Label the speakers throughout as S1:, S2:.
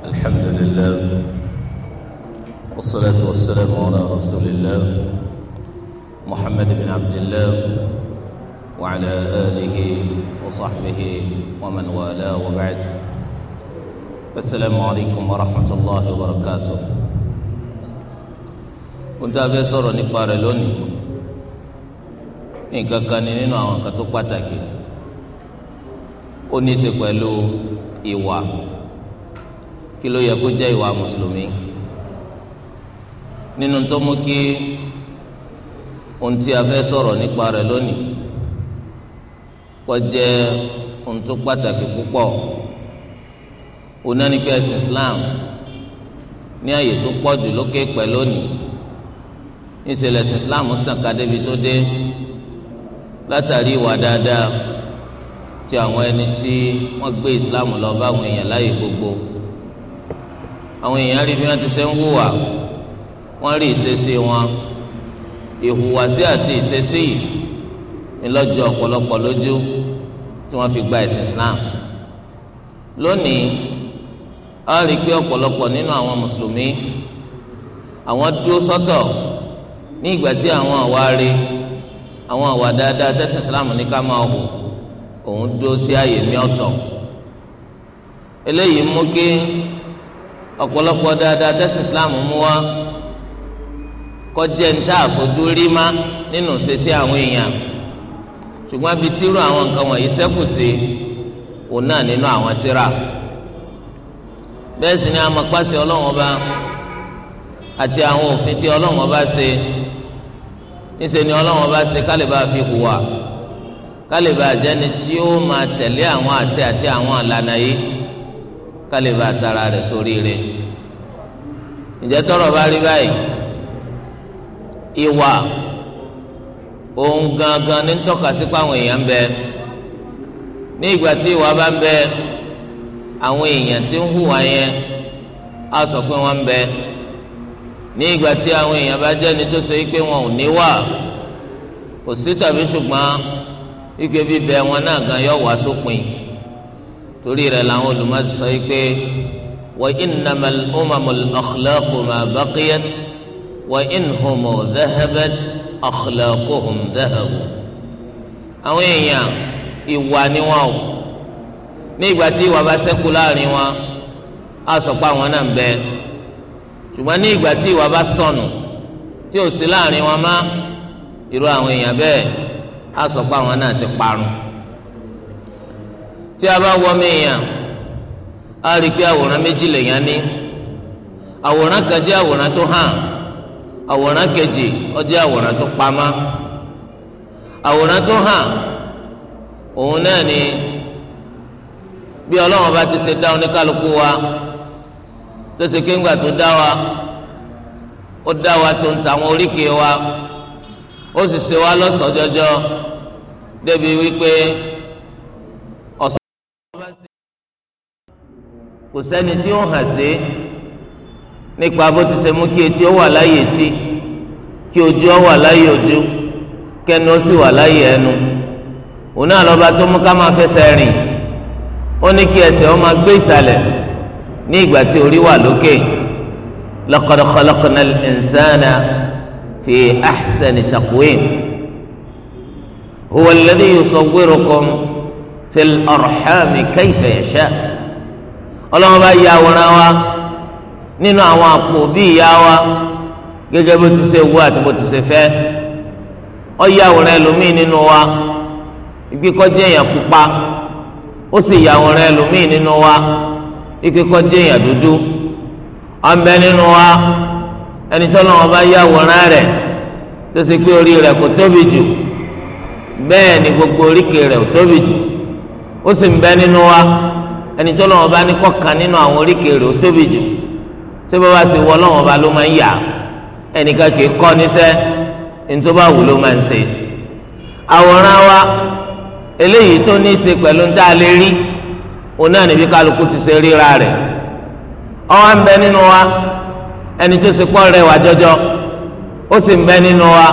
S1: الحمد لله والصلاة والسلام على رسول الله محمد بن عبد الله وعلى آله وصحبه ومن والاه وبعد السلام عليكم ورحمة الله وبركاته كنت أبي سورة نقبار لوني nǹkan kan ni nínú àwọn kan tó pàtàkì kí ló yẹ kó jẹ́ ìwà mùsùlùmí nínú tó mú kí ohun tí a fẹ́ sọ̀rọ̀ nípa rẹ̀ lónìí kó jẹ́ ohun tó pàtàkì púpọ̀ onáníkẹ́ ẹ̀sìn Islam ní àyè tó pọ̀ jù lókè pẹ̀ lónìí ìṣẹ̀lẹ̀ ẹ̀sìn Islam tàn ká débi tó dé látàrí ìwà dáadáa ti àwọn ẹni tí wọ́n gbé Islam lọ báwọn èèyàn láyè gbogbo àwọn èèyàn rí bí wọ́n ti ṣe ń hùwà wọ́n rí ìṣesí wọn ìhùwàsí àti ìṣesí ńlọ́jọ́ ọ̀pọ̀lọpọ̀ lójú tí wọ́n fi gba ẹ̀sìn Islam lónìí a rí i pé ọ̀pọ̀lọpọ̀ nínú àwọn mùsùlùmí àwọn dúró sọ́tọ̀ ní ìgbà tí àwọn àwa àwọn àwa dáadáa tẹ́sán Islam ní ká máa hù òun dúró sí àyè mi ọ̀tọ̀ eléyìí mú kí ọ̀pọ̀lọpọ̀ dáadáa tẹ́sán islam mú wa kọjá níta àfojú rí má nínú ṣẹṣẹ àwọn èèyàn ṣùgbọ́n bíi tírú àwọn nǹkan wọ̀nyí ṣẹ́kù sí òun náà nínú àwọn tírà bẹ́ẹ̀ sì ni amọ̀páṣẹ ọlọ́run ọba àti àwọn òfin tí ọlọ́run ọba ṣe níṣẹ́ ni ọlọ́run ọba ṣe kálíbà fi hùwà kálíbà jẹ́ni tí ó máa tẹ̀lé àwọn àṣẹ àti àwọn àlànà yìí kálí bá tara rẹ̀ sórí rẹ̀ ǹjẹ́ tọrọ bá rí báyìí ìwà ohun gangan ní tọ́ka sí páwọn èèyàn ń bẹ ní ìgbà tí ìwà bá ń bẹ àwọn èèyàn tí ń hùwà yẹn á sọ pé wọ́n ń bẹ ní ìgbà tí àwọn èèyàn bá jẹ́ ni tó so yí pé wọn ò níwà kò sí tàbí ṣùgbọ́n ike bíbẹ wọn náà gan yọ wá sópin. So torí rẹ̀ làwọn olùmọ̀sọ yìí pé wa innamal umamul akhlaqu ma baqiyat wa inhumu dhahabat akhlaquhum dhahabu. àwọn èèyàn ìwà ni wọn o ní ìgbà tí ìwà bá ṣẹ́kù láàrin wọn á sọ pé àwọn náà ń bẹ ṣùgbọ́n ní ìgbà tí ìwà bá sọnù tí ò sí láàrin wọn má irú àwọn èèyàn bẹ́ẹ̀ á sọ pé àwọn náà ti parun tí a bá wọ mẹ́yàn a rí i pé àwòrán méjì lèèyàn ní àwòrán kan jẹ́ àwòrán tó hàn àwòrán kejì ó jẹ́ àwòrán tó pamọ́ àwòrán tó hàn òun náà ni bí ọlọ́run bá ti ṣe dá oníkálukú wa tó ṣe kéńgbà tó dá wa ó dá wa tó ń ta àwọn oríkèé wa ó sì ṣe wa lọ́sọ̀ọ́ débi wípé bá ṣe kò sẹ́ni tí ó hàn sí nípa bó ti ṣe mú kí etí ó wà láyé etí kí ojú ó wà láyé ojú kẹ́nu ó sì wà láyé ẹnu òun náà lọ́ba tó mú ká máa fẹsẹ̀ rìn ó ní kí ẹsẹ̀ ó máa gbé ìsàlẹ̀ ní ìgbà tí orí wà lókè laqad khalaqna al-insana fi ahsani taqwim huwa alladhi yusawwirukum. fil arhami kayfa yasha ọlọ́wọ́n bá ya àwòrán wa nínú àwọn àpò bí ìyá wa gẹ́gẹ́ bó ti ṣe wú ọ ya àwòrán ẹlòmíì nínú wa èèyàn pupa ó sì ya ẹlòmíì nínú wa èèyàn dúdú ọ̀nbẹ nínú wa ẹni tọ́lọ́wọ́n bá ya gbogbo oríkèé ò tóbi ó sì ń bẹ nínú wa ẹni tó lọ́wọ́ bá ní kọ̀kan nínú àwọn ti wọ lọ́wọ́ bá ló máa ń yà ẹnìkan kì í kọ́ níṣẹ́ ní tó bá wù ló máa ń ṣe. àwòrán wa eléyìí tó ní í ṣe pẹ̀lú ń dá a lè rí òun náà níbi kálukú ti ṣe ríra rẹ̀ ń bẹ nínú wa ẹni tó ṣe pọ́ rẹwà jọjọ ó sì ń bẹ nínú wa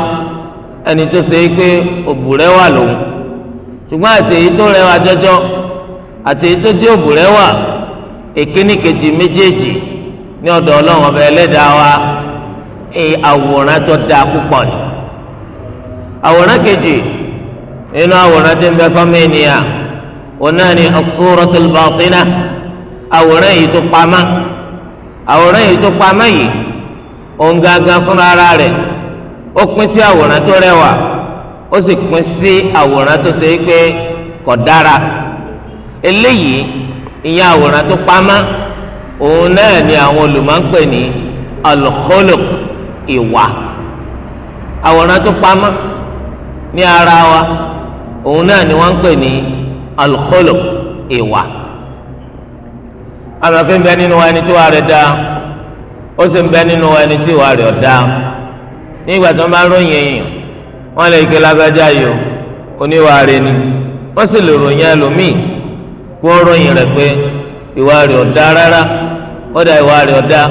S1: ẹni tó ṣe é pé ṣùgbọ́n àti èyí tó rẹwà jọjọ àti èyí tó dé òbò rẹwà èkíní kejì méjèèjì ní ọ̀dọ̀ ọlọ́run ọba ẹlẹ́dàá wa àwòrán tó dáa púpọ̀ ni àwòrán kejì nínú àwòrán tó ń bẹ fọ́mọ ènìyàn òun náà ni as-suratul batina àwòrán yìí tó pamọ́ àwòrán yìí tó pamọ́ yìí òun gangan fúnra rẹ̀ ó pín sí àwòrán tó rẹwà. ó sì pín sí àwòrán tó ṣe pé kò dára eléyìí ìyẹn àwòrán tó pamọ́ òun náà ni àwọn olùmọ̀ọ́pẹ̀ ní al ìwà àwòrán tó pamọ́ ní ara wa òun náà ni wọ́n ń pè ní al-khuluq ìwà àmàfin bẹ nínú ẹni tí wà rẹ̀ dá ó sì ń bẹ nínú ẹni tí rẹ̀ nígbà bá ròyìn èèyàn wọ́n lè ké lágbájá yìí o oníwà rẹ̀ ni wọ́n sì lè ròyìn ẹlòmíì kó ròyìn rẹ̀ pé ìwà rẹ̀ ọ̀dá rárá ọ̀dà ìwà rẹ̀ ọ̀dá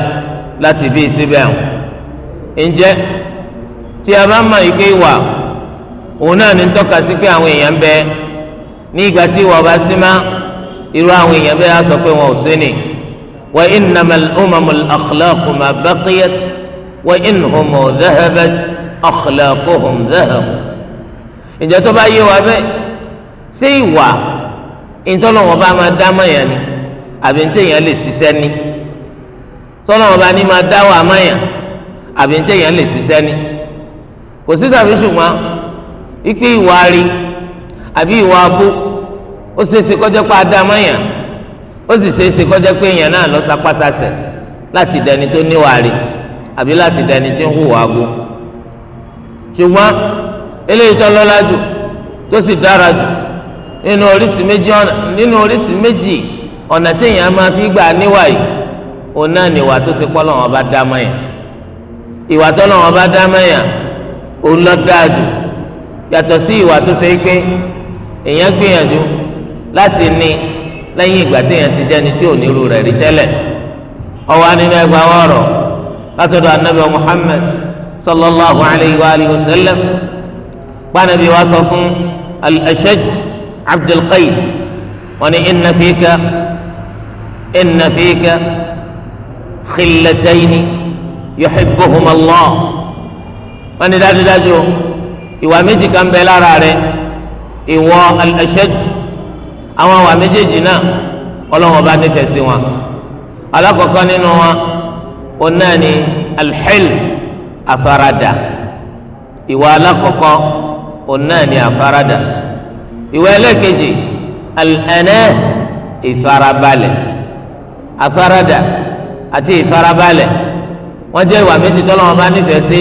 S1: láti bí síbẹ̀ ọ̀hún. ǹjẹ́ tí a bá mọ̀ ike ìwà òun náà ní tọ́ka sí pé àwọn èèyàn bẹ ní ìgbà tí ìwà ọba sí má irú àwọn èèyàn bẹ́ẹ̀ á sọ pé wọn ò sí ni wa innamal umamul akhlaqu ma baqiyat wa in humu dhahabat akhlaquhum zahab ìjọ tó bá yé wa bẹ́ẹ̀ ṣé ìwà ìtọ́lọ́wọ́n bá máa dá mọ́yà ni àbí ntẹ̀yàn lè ṣiṣẹ́ ni tọ́lọ́wọ́n bá ní máa dá wà mọ́yà àbí ntẹ̀yàn lè ṣiṣẹ́ ni kò sí tàbí ṣùgbọ́n ike ìwà rí àbí ìwà abú ó ṣe é ṣe kọjá pé adá mọ́yà ó sì ṣe é ṣe kọjá pé èèyàn náà lọ sapátá sẹ̀ láti dẹni tó níwà rí àbí láti dẹni tó ń hùwà abú. ṣùgbọ́n eléyìí tó lọ́lá jù tó sì dára jù nínú oríṣi méjì ọ̀nà nínú oríṣi méjì fi gbà níwà yìí òun náà ni ìwà tó ti pọ́ lọ́wọ́ bá dá mọ́ yẹn ìwà tó lọ́wọ́ bá dá mọ́ yẹn òun lọ dáa jù yàtọ̀ sí ìwà tó pé èèyàn gbìyànjú láti ní lẹ́yìn ìgbà téèyàn ti jẹ́ni tí ò ní rẹ̀ rí tẹ́lẹ̀ ọwọ́ anínú ẹgbàá sallallahu alayhi wa alihi wa sallam kpanabi wa sọ fún al-ashaj abdulqayy wọn ni inna fika inna fika khillatayni yuhibbuhuma allah wọn ni dájúdájú ìwà méjì kan bẹ lára rẹ ìwọ al-ashaj àwọn àwà méjèèjì náà ọlọ́wọ́n bá nífẹ̀ẹ́ sí wọn alákọ̀ọ́kọ́ nínú wọn ọ̀nà ni alḥil. Afarada ìwà alákọ̀ọ́kọ́ òun náà ni àfaradà ìwà ẹlẹ́kejì alẹ́nẹ́ ìfarabalẹ̀ àfaradà àti ìfarabalẹ̀ wọ́n jẹ́ ìwà méjì tọ́lọ́ wọn bá nífẹ̀ẹ́ sí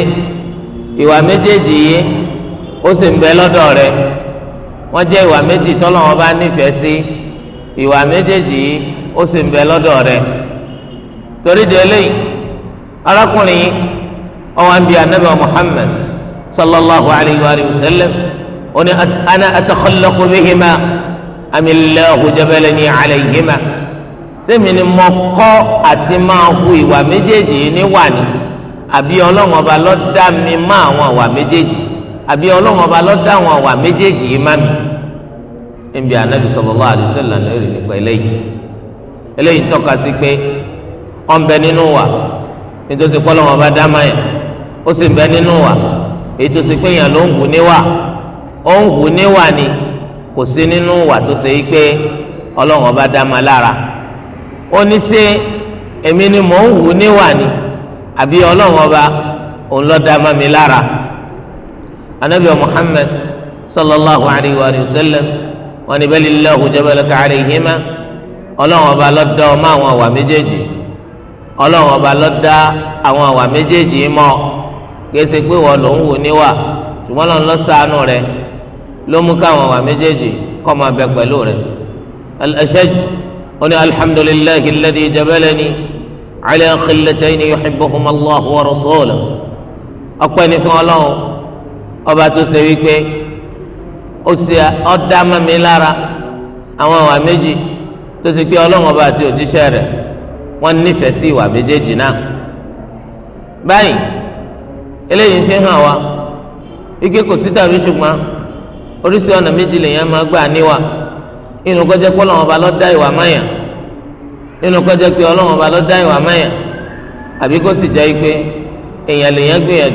S1: ìwà méjèèjì yìí ó sì ń bẹ lọ́dọ̀ rẹ̀ wọ́n jẹ́ ìwà méjì tọ́lọ́ wọn bá nífẹ̀ẹ́ sí ìwà méjèèjì yìí ó sì ń bẹ lọ́dọ̀ rẹ̀ torí di arákùnrin yìí ọwọ́n bíi anabi muhammed sallallahu alayhi wa sallam oní ana atakhallaqu bihima amillahu jabalani alayhima sẹ́mi ni mo kọ́ àti máa hu ìwà méjèèjì ní wàní àbí ọlọ́run ọba ló dá mi má àwọn àwà méjèèjì àbí ọlọ́run ọba ló dá àwọn àwà méjèèjì yìí má mi. níbi ànábì sallallahu alaihi wasallam lórí nípa eléyìí eléyìí tọ́ka sí pé ọ̀nbẹ nínú wà nítorí pé ọlọ́run ọba dá máa yẹn ó sì bẹ nínú wa ètò ti pé èèyàn ló ń hù níwà ó ń hù níwà ni kò sí nínú wa tó ṣe pé ọlọ́run ọba dá ma lára ó ní ṣe èmi ni mò ń hù níwà ni àbí ọlọ́run ọba òun ló dá ma mi lára anabi muhammed sallallahu alayhi wa sallam wọn ni bẹ́ẹ̀ lillahu jabalaka alayhima ọlọ́run ọba ló ọmọ àwọn àwà méjèèjì ọlọ́run ọba ló àwọn àwà méjèèjì mọ́ kéésì pé wọ́n ló ń wò níwà ṣùgbọ́n lọ́n lọ sànù rẹ ló mú káwọn wà méjèèjì kọ́ máa bẹ pẹ̀lú rẹ. الأشج هنا الحمد لله الذي جبلني على خلتين يحبهما الله ورسوله أقوى نفع الله ọba tó ṣe wípé ó ṣe ọdá mami lára àwọn ìwà méjì tó ṣe pé ọlọ́run ọba àti òjíṣẹ́ rẹ̀ wọ́n nífẹ̀ẹ́ sí ìwà méjèèjì náà báyìí eléyìí fi hàn wa ike kò sí tàbí ṣùgbọ́n oríṣi ọ̀nà méjì lèèyàn máa gbà níwà inú kọjá pé ọlọ́wọ́n ba ló dá ìwà máyà inú kọjá pé ọlọ́wọ́n ba ló dá ìwà máyà àbí kó sì jẹ́ pé èèyàn lèèyàn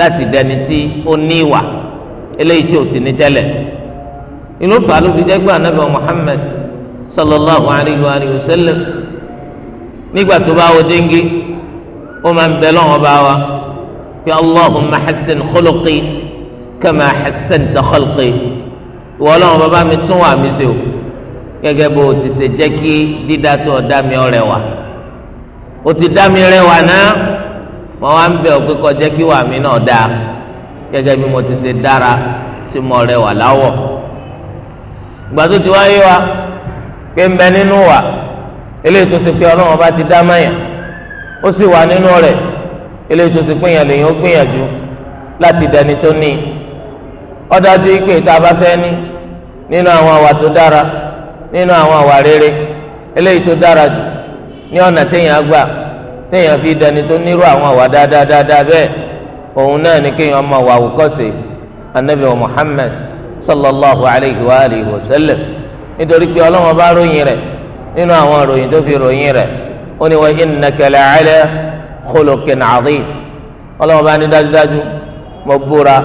S1: láti dẹni tí ó ní Muhammad sallallahu alayhi wa sallam nígbà tó bá wọ dengue ó máa ń bẹ lọ́wọ́n wa. pé allahumma hassan khuluqi kama hassanta khalqi ìwọ ọlọ́run bàbá mi tún wà mí sí o gẹ́gẹ́ bó o ti ṣe jẹ́ kí dídá tó o dá mi rẹwà o ti dá mi rẹwà náà mo wá ń bẹ̀ ọ́ pé kó jẹ́ kí wà mí náà dáa gẹ́gẹ́ bí mo ti ṣe dára tí mo rẹwà láwọ̀ ìgbà tó ti wáyé wa pé ń bẹ nínú wa eléyìí tó ti pé ọlọ́run bá ti dá mọ́yà ó sì wà nínú rẹ̀ eléyìí tó ti pínyàn lèyìn ó gbìyànjú láti dẹni tó ní ọdájú ìpè tá a bá fẹ́ ní nínú àwọn àwà tó dára nínú àwọn àwà rere eléyìí tó dára jù ní ọ̀nà téèyàn gbà téèyàn fi dẹni tó nírú àwọn àwà dáadáa bẹ́ẹ̀ òun náà ni kéèyàn máa wà àwòkọ́ṣe anabi wa muhammed sallallahu alayhi wa alihi wa sallam nítorí pé ọlọ́wọ́n bá ròyìn rẹ̀ nínú àwọn ròyìn tó fi ròyìn rẹ̀ ó ní wa innaka la'ala khuluqin azim ọlọ́wọ́n bá ní dájúdájú mo búra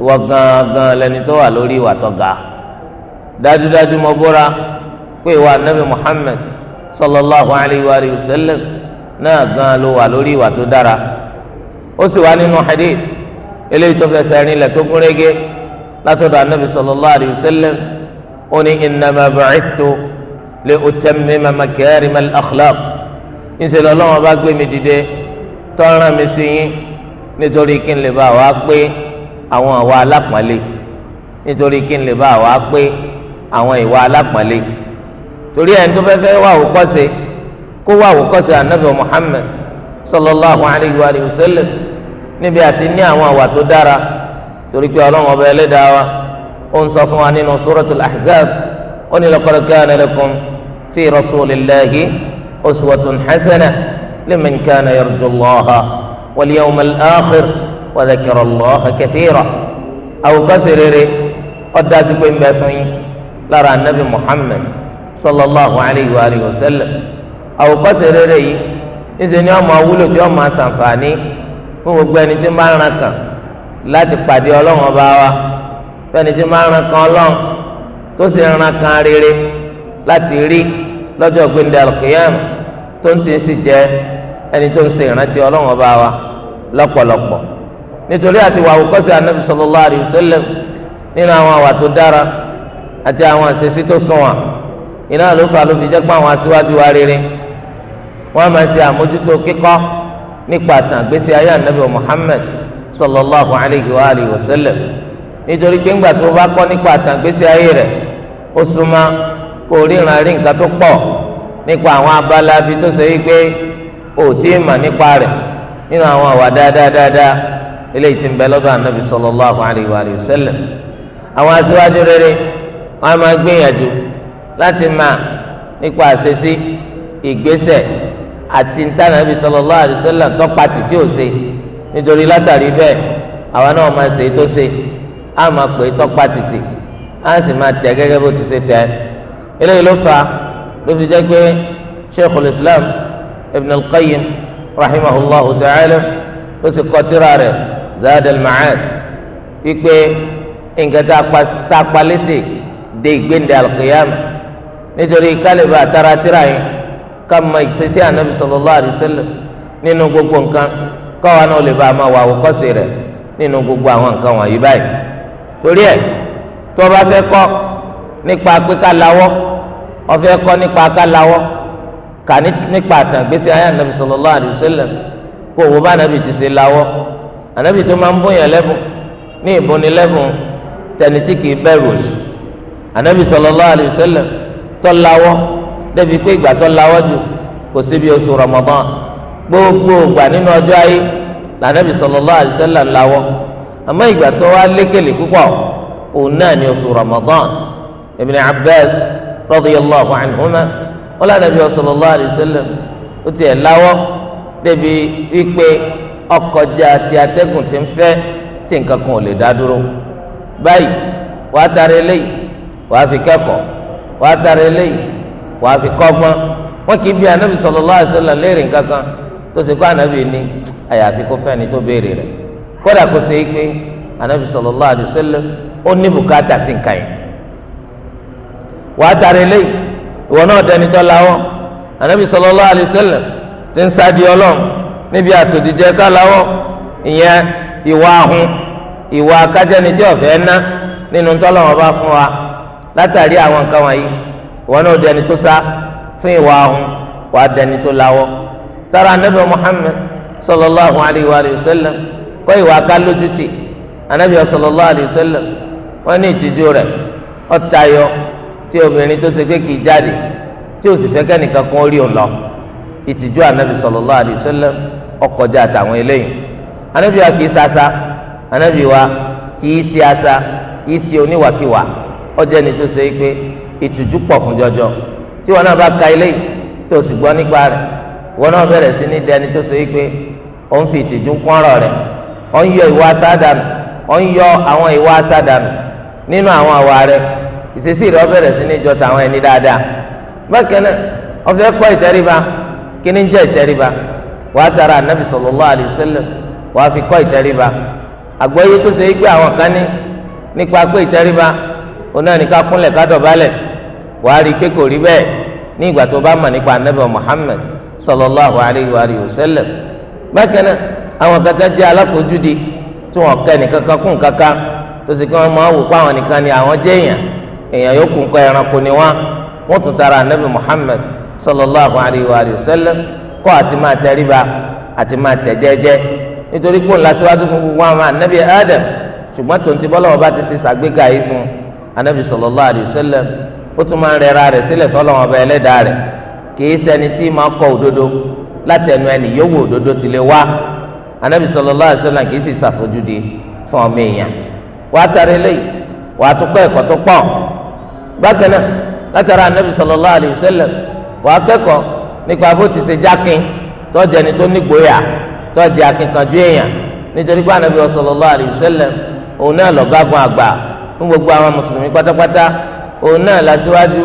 S1: ìwọ gangan lẹni tó wà lórí ìwà tó ga dájúdájú mo búra pé ìwà nabi Muhammad sallallahu alayhi wa sallam náà gan ló wà lórí ìwà tó dára ó sì wá nínú hadith eléyìí tó fẹsẹ̀ rìn lẹ̀ tó gún régé látọ̀dọ̀ anabi sallallahu alayhi wa sallam ó ní innama bu'ithtu li utammima makarima al-akhlaq ńṣe lọ́lọ́wọ́n bá gbé mi dìde tọ́ran mi sí yín nítorí kí n lè bá wa pé àwọn àwa alápọ̀nlé nítorí kí n lè bá wa pé àwọn ìwà alápọ̀nlé torí ẹni tó fẹ́ẹ́ wà wòkọ́sẹ kó wà wòkọ́sẹ anabi Muhammad sallallahu alayhi wa sallam níbi àti ní àwọn àwà tó dára torí pé ọlọ́run ọba ẹlẹ́dàá wa ó ń sọ fún wa nínú suratul ahzab ó ní laqad kana lakum fi rasulillahi uswatun hasanah. لمن كان يرجو الله واليوم الآخر وذكر الله كثيرا أو كثر قد تكون بأسوين لرى النبي محمد صلى الله عليه وآله وسلم أو كثر ري إذن يوم أولد يوم أسنفاني fún gbogbo ẹni tí ń bá ran kan láti pàdé ọlọ́run ọba wa لا tí ń bá ran kan ọlọ́run ẹni tó ń ṣe ìrántí ọlọ́run ọba wa lọ́pọ̀lọpọ̀ nítorí àti wà àwòkọ́sí anabi sallallahu alaihi wasallam nínú àwọn àwà tó dára àti àwọn àṣẹṣí tó sùn wà iná ló fà ló fi jẹ́ pé àwọn aṣíwájú wa rere wọ́n máa ṣe àmójútó kíkọ́ nípa àtàn ayé anabi Muhammad sallallahu alaihi wa alihi wasallam nítorí pé ńgbà tó bá kọ́ nípa àtàn àgbésí ayé rẹ̀ ó súnmọ́ kó ríran rí nǹkan tó pọ̀ nípa àwọn abala bíi tó ṣe wípé o tí ì nípa rẹ̀ nínú àwọn àwà dáadáadáa eléyìí tí ń bẹ lọ́dọ̀ ànábì sallallahu alaihi wa sallam àwọn aṣíwájú rere wọn a máa gbìyànjú láti máa nípa àṣesí ìgbésẹ̀ àti ntànàbì sallallahu alaihi wa sallam tọpatì tí ò ṣe nítorí látàrí bẹ́ẹ̀ àwa náà máa ṣe tó ṣe á máa pè é á sì máa tẹ̀ gẹ́gẹ́ bó ti ṣe tẹ̀ eléyìí ibn al-qayyim rahimahullahu ta'ala ó sì kọ tírà rẹ̀ zaadal ma'ad wípé nǹkan tá a pa létè de ìgbéǹde al-qiyam nítorí kálíbà tara tírà yẹn ká mọ ìṣesí ànábi sallallahu alaihi wasallam nínú gbogbo nǹkan káwa náà lè bá a máa wà àwòkọ́sí rẹ̀ nínú gbogbo àwọn nǹkan wọ̀nyí báyìí torí ẹ̀ tó o bá fẹ́ kọ́ nípa pé ká lawọ́ o fẹ́ kọ́ nípa ká lawọ́ kà nípa àtàgbèsè ayé anabi sallallahu alaihi wasallam kó owó bá anabi ti ṣe lawọ́ anabi tó máa ń bóyá lẹ́bùn ní ìbúni lẹ́bùn tẹni tí kìí bẹ̀rù ni anabi sallallahu alaihi wasallam tó lawọ́ débi pé ìgbà tó lawọ́ jù kò síbi oṣù Ramadan gbogbo ògbà nínú ọjọ́ ayé lànàbì sallallahu alaihi wasallam lawọ́ àmọ́ ìgbà tó wá lékele púpọ̀ òun náà ni oṣù Ramadan Ibn Abbas radiyallahu anhuma wọn lànà bí sallallahu alaihi wasallam ó tiẹ̀ láwọ́ débi wípé ọkọjá àti atẹ́gùn ti ń fẹ́ tí nǹkan kan ò lè dá dúró báyìí wàá tara eléyìí wàá fi kẹ́kọ̀ọ́ wàá tara eléyìí wàá fi kọ́gbọ́n wọn kì í bí anabi sallallahu alaihi wasallam léèrè nǹkan kan tó ti kọ anabi ní àyàfi kó fẹ́ni tó béèrè rẹ̀ kódà kó ṣe é pé anabi sallallahu alaihi wasallam ó ní bùkátà sí nǹkan yìí wàá tara eléyìí ìwọ náà dẹni tó lawọ́ anabi sallallahu alaihi wasallam ti ń sáà di ọlọ́run níbi àtòdìjẹ ká lawọ́ ìyẹn ìwà ahun ìwà akájẹnijẹ ọ̀fẹ́ ná nínú tọ́lọ́wọ́n bá fún wa látàrí àwọn nǹkan wọ̀nyí ìwọ náà dẹni tó sá fún ìwà ahun wà dẹni tó lawọ́ sára anabi muhammed sallallahu alaihi wa sallam kọ́ ìwà akálójútì anabi sallallahu alaihi wa sallam wọ́n ní ìtìjú rẹ̀ ọ̀tayọ̀ tí obìnrin tó ṣe pé kì í jáde tí ó sì fẹ́ kẹ́nìkan kan ó rí òun lọ ìtìjú anabi sallallahu alaihi wasallam ọkọjá àtàwọn eléyìí anabi wa kìí sasa anabi wa kìí ṣe asa kìí ṣe oníwàkiwà ọjọ́ ẹni tó ṣe pé ìtìjú pọ̀ fún jọjọ tí wọn náà bá ka eléyìí tó sì gbọ́ nípa rẹ̀ wọn náà bẹ̀rẹ̀ sí ní dẹni tó ṣe pé ó ń fi ìtìjú kọ́rọ̀ rẹ̀ ó ń yọ ìwà asádànù ó ń yọ àwọn ìwà asádànù nínú àwọn àwa rẹ̀ ìṣesí rẹ ọbẹ̀rẹ̀ sí ní ìjọsìn àwọn ẹni dáadáa bákan náà ọfẹ́ kọ́ ìtẹríba kí ni jẹ́ ìtẹríba wàá tara anabi sallallahu alaihi wasallam wàá fi kọ́ ìtẹríba àgbọ́yé tó ṣe é gbé àwọn kan ní nípa pé ìtẹríba onáà ní ká kúnlẹ̀ ká dọ̀bálẹ̀ wàá rí pé kò rí bẹ́ẹ̀ ní ìgbà tó bá mọ̀ nípa anabi Muhammad sallallahu alaihi wasallam bákan náà àwọn kankan jẹ́ alákòójúdi tí wọ́n kẹ́ nìkankan kún kankan tó ṣe kí wọ́n máa wò èèyàn yóò kún kọ ẹranko ni wá wọn tún tara anabi muhammed sallallahu alayhi wa sallam kọ àti máa tẹríba àti máa tẹ jẹ́jẹ́ nítorí pé ńlá síwájú fún gbogbo àwọn anabi adam ṣùgbọ́n tó ń ti bọ́lọ́wọ́ bá ti ti ṣàgbéga yìí fún anabi sallallahu alayhi wa sallam ó tún máa ń rẹra rẹ̀ sílẹ̀ sọ́lọ́wọ́n ọba ẹlẹ́dàá rẹ̀ kìí ṣẹni tí máa kọ òdodo láti ẹnu ẹni yòówù òdodo ti lè wá anabi sallallahu alayhi wa sallam kìí sì ṣàfojúdi fún ọmọ èèyàn wàá tari wàá tún kọ́ ẹ̀kọ́ tó pọ̀ bákan náà látara anabi sallallahu alayhi wa sallam wà á kẹ́kọ̀ọ́ nípa bó ti ṣe jákin tọ́jà ẹni tó nígboyà tọ́jà akínkanjú èèyàn nítorí pé anabi sallallahu alayhi wa sallam òun náà lọ́gàgun àgbà fún gbogbo àwọn mùsùlùmí pátápátá òun náà lásìwájú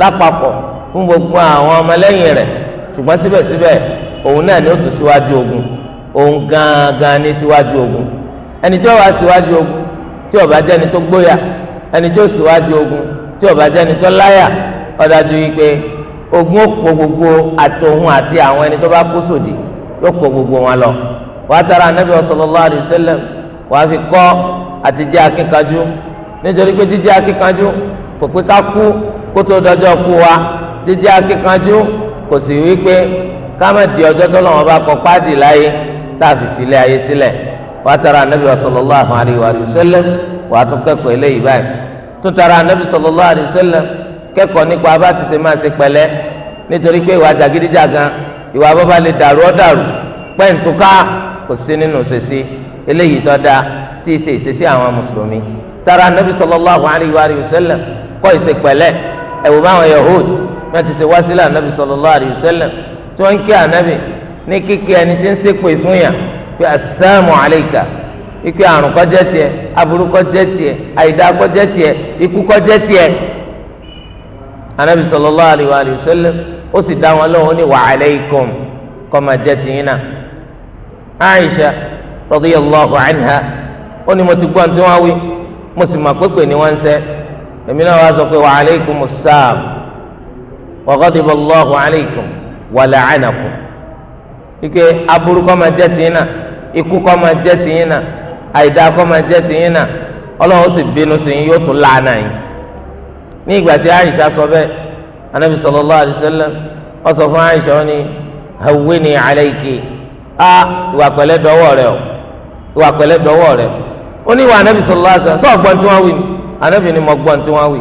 S1: lápapọ̀ fún gbogbo àwọn ọmọlẹ́yìn rẹ̀ ṣùgbọ́n síbẹ̀síbẹ̀ òun náà ni ó tún síwájú ogun òun gangan ní síwájú ogun ẹni tí ó wá síwájú ogun tí ó jẹ́ ẹni tó gbóyà ẹni tí ó síwájú ogun tí ọba jẹni tó láyà ọdájú wípé ogun òpó gbogbo àtòhun àti àwọn ẹni tó bá kó sòdì yóò kó gbogbo wọn lọ wàá tara anabi sallallahu alaihi wasallam wàá fi kọ́ àti jẹ́ akínkanjú nítorí pé jíjẹ́ akínkanjú kò pé ká kú kó tó dọjọ́ kú wa jíjẹ́ akínkanjú kò sì wípé ká má di ọjọ́ tó lọ́wọ́ bá kọ páàdì láyé tá a fi sílẹ̀ ayé sílẹ̀ wàá tara anabi sallallahu alaihi wasallam wàá tún kẹ́kọ̀ọ́ eléyìí báyìí tún tara anabi sallallahu alaihi wasallam kẹ́kọ̀ọ́ nípa bá ti ṣe máa ṣe pẹ̀lẹ́ nítorí pé ìwà jàgídíjàgan ìwà bàbá lè dàrú ọ̀dàrú pẹ́ǹtùká kò sí nínú ṣèṣe eléyìí tó dáa tí ìṣe ìṣesí àwọn mùsùlùmí tara anabi sallallahu alaihi wasallam kọ́ ìṣe pẹ̀lẹ́ ẹ̀wù báwọn yahood náà ti ṣe wá sílẹ̀ anabi sallallahu alaihi tí wọ́n ń kí anabi ní kíkí ẹni tí ń ṣépè fún yà pé assalamu alayka ike àrùn kò jẹ́ tiẹ̀ aburú kò jẹ́ tiẹ̀ àìdá kò jẹ́ tiẹ̀ ikú kò jẹ́ tiẹ̀ anabi sallallahu alayhi wa sallam ó sì dá wọn lóhùn ní wa alaykum kó máa tiyín náà aisha radiyallahu anha ó ní mo ti gbọ́n tí wọ́n wí mo sì mọ̀ pépè ní wọ́n ń sẹ́ èmi náà wàá sọ pé wa alaykum as-salam wa ghadiba Allahu alaykum wa la'anakum ike aburú kó máa tiyín náà ikú kó máa tiyín náà àìdá kọ́mọ jẹ́ tìyín náà ọlọ́run sì bínú tìyín yóò tún lánàá yín ní ìgbà tí Aisha sọ bẹ́ẹ̀ anabi sallallahu alaihi wasallam ó sọ fún Aisha ó ní hawwini alayki a ìwà pẹ̀lẹ́ dọ́wọ́ rẹ o ìwà pẹ̀lẹ́ dọ́wọ́ rẹ ó ní ìwà anabi sallallahu alaihi wasallam sọ gbọ́n tí wọ́n wí ni anabi ni mo gbọ́n tí wọ́n wí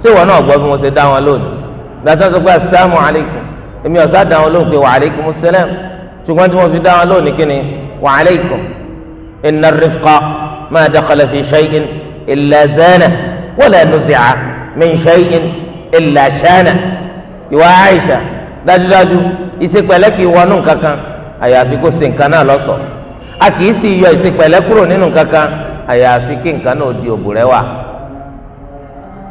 S1: ṣé ìwọ náà gbọ́ bí mo ṣe dá wọn lónìí gbàtà sọ pé إن الرفق ما دخل في شيء إلا زانه ولا نزع من شيء إلا شانه ìwà àìsà dájúdájú ìṣepẹ̀lẹ́ kì í wọnú kankan àyàfi kó ṣe nǹkan náà lọ́ṣọ̀ọ́ a kì í sì yọ ìṣepẹ̀lẹ́ kúrò nínú kankan àyàfi kí nǹkan náà di òbò rẹ̀ wà.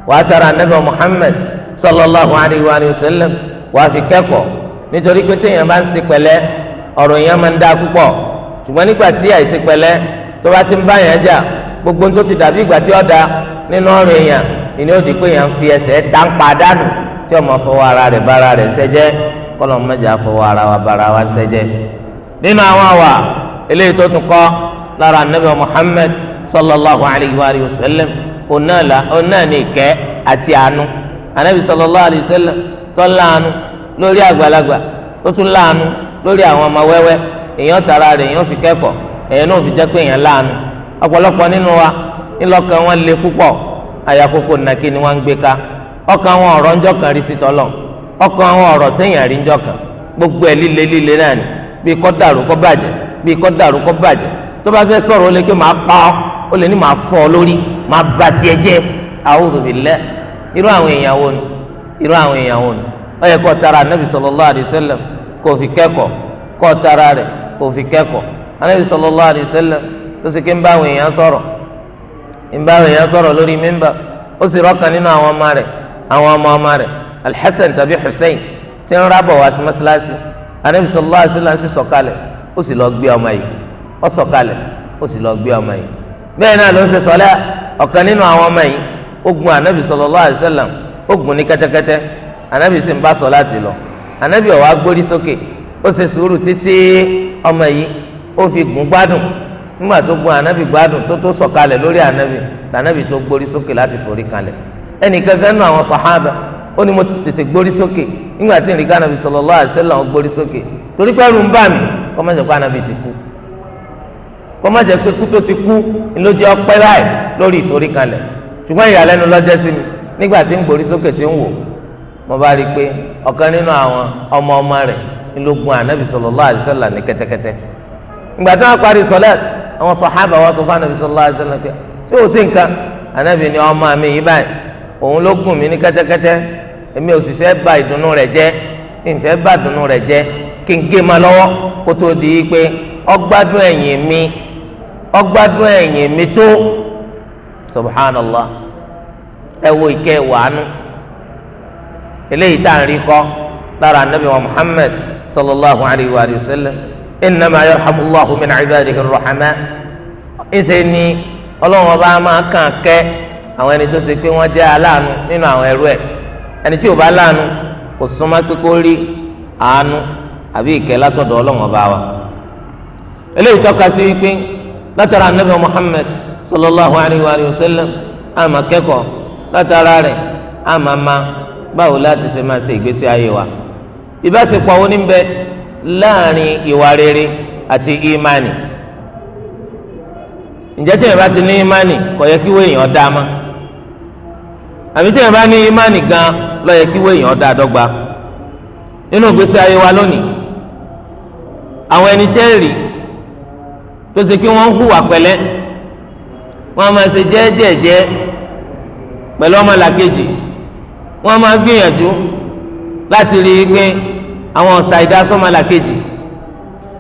S1: wàá tara anabi muhammed sallallahu alayhi wa sallam wàá fi kẹ́kọ̀ọ́ nítorí pé téèyàn bá ń ṣepẹ̀lẹ́ ọ̀rọ̀ yẹn máa ń dá púpọ̀ ṣùgbọ́n nígbà tí àìsí pẹ̀lẹ́ tó bá ti ń bá yẹn jà gbogbo tó ti dàbí ìgbà tí ọ̀dà nínú ọ̀rọ̀ èèyàn ìní ó di pé èèyàn fi ẹsẹ̀ dáńpa dánù tí ọmọ fọwọ́ ara rẹ̀ bára rẹ̀ ṣẹ́jẹ́ kọ́lọ̀ mẹ́jà fọwọ́ ara wa bára wa ṣẹ́jẹ́. nínú àwọn àwà eléyìí tó tún kọ́ lára anabi Muhammad sallallahu alayhi wa sallam onáà ní ìkẹ́ àti àánú anabi sallallahu alayhi wa sallam tó láàánú lórí àgbàlagbà tó tún láàánú lórí àwọn ọmọ wẹ́wẹ́ èèyàn tara rẹ̀ èèyàn fi kẹ́kọ̀ọ́ èèyàn náà fi jẹ́ pé èèyàn láàánú ọ̀pọ̀lọpọ̀ nínú wa ńlọkàn wọn lé púpọ̀ àyàkókò nàkí ni wọ́n ń gbé ká ọkàn wọn ọ̀rọ̀ ńjọ́ rí títọ́ lọ ọ̀rọ̀ gbogbo ẹ líle líle náà ni bí kọ́ kọ́ bàjẹ́ bí kọ́ bàjẹ́ tó bá sọ̀rọ̀ kò fi kẹ́kọ̀ọ́ anabi sallallahu alaihi wasallam tó sì ké ń bá àwọn èèyàn sọ̀rọ̀ ń bá àwọn èèyàn sọ̀rọ̀ lórí mímbà ó sì rọkàn nínú àwọn ọmọ rẹ̀ àwọn ọmọ ọmọ rẹ̀ alḥasan tàbí hussein tí ń rábọ̀ wá sí mọ́sálásí anabi sallallahu alaihi wasallam sì sọ̀kalẹ̀ ó sì lọ gbé ọmọ yìí ó sọ̀kalẹ̀ ó sì lọ gbé ọmọ yìí bẹ́ẹ̀ náà ló ń ṣe sọlẹ ọ̀kan nínú àwọn ọmọ yìí ó ó ṣe sùúrù títí ọmọ yìí ó fi gùn gbádùn nígbà tó gun ànábì gbádùn tó tó sọ̀kalẹ̀ lórí ànábì lànábì tó gbórí sókè láti forí kalẹ̀ ẹnìkan gánà àwọn sàhábà ó ní mo tètè gbórí sókè nígbà tí nìkan ànábì sallallahu alaihi wasallam gbórí sókè torí pé ẹ̀rù ń bà mí kọ́ má jẹ́ pé ànábì ti kú kọ́ má jẹ́ pé kú tó ti kú ńlójú ọpẹ́ láì lórí ìforí kalẹ̀ ṣùgbọ́n ìyàlẹ́nu sí mi nígbà tí ń gbórí sókè ń wò mo i ńlọgbọn anabi sallallahu alaihi wasallam ní kẹ́tẹ́kẹ́tẹ́
S2: ìgbà tí wọn parí sọlẹ
S1: àwọn sọhábà wọn tó fún anabi sallallahu alaihi wasallam tí ó sì nǹkan anabi ni ọmọ mi yìí báyìí òun ló gùn mí ní kẹ́tẹ́kẹ́tẹ́ èmi ò sì fẹ́ bà ìdùnnú rẹ̀ jẹ́ kí n fẹ́ bà ìdùnnú rẹ̀ jẹ́ kí n gé ma lọ́wọ́ kó tó di pé ọgbádùn ẹ̀yìn mi ọgbádùn ẹ̀yìn mi tó subhanallah ẹ wo ìkẹ́ wàánu eléyìí tá à ń rí kọ́ lára anabi wa muhammed sallallahu alayhi wa sallam innama yarhamullahu min ibadihi rahama ìṣe ni ọlọ́run ọba máa kàn kẹ́ àwọn ẹni tó ṣe pé wọ́n jẹ́ aláàánú nínú àwọn ẹrú ẹ̀ ẹni tí ò bá láàánú kò súnmọ́ pé kó rí àánú àbí ìkẹ́ látọ̀dọ̀ ọlọ́run ọba wa eléyìí tọ́ka sí wípé látara anabi muhammed sallallahu alayhi wa sallam àmà kẹ́kọ̀ọ́ látara rẹ̀ àmà ma báwo láti ṣe máa ṣe ìgbésí ayé wa ìbáṣepọ̀ wo ni ń bẹ láàrin ìwà rere àti ìmánì ǹjẹ́ tí yẹn bá ti ní ìmánì kò yẹ kí wéèyàn dá a mọ́ àbí tí yẹn bá ní ìmánì gan ló yẹ kí wéèyàn dá a dọ́gba nínú ìgbésí ayé wa lónìí àwọn ẹni tẹ́ rì tó ṣe kí wọ́n hùwà pẹ̀lẹ́ wọ́n máa ṣe jẹ́ẹ́jẹ́ẹ́jẹ́ pẹ̀lú ọmọlàkejì wọ́n máa gbìyànjú láti rí i pé àwọn ọ̀sà ìdásọ́mọlà kejì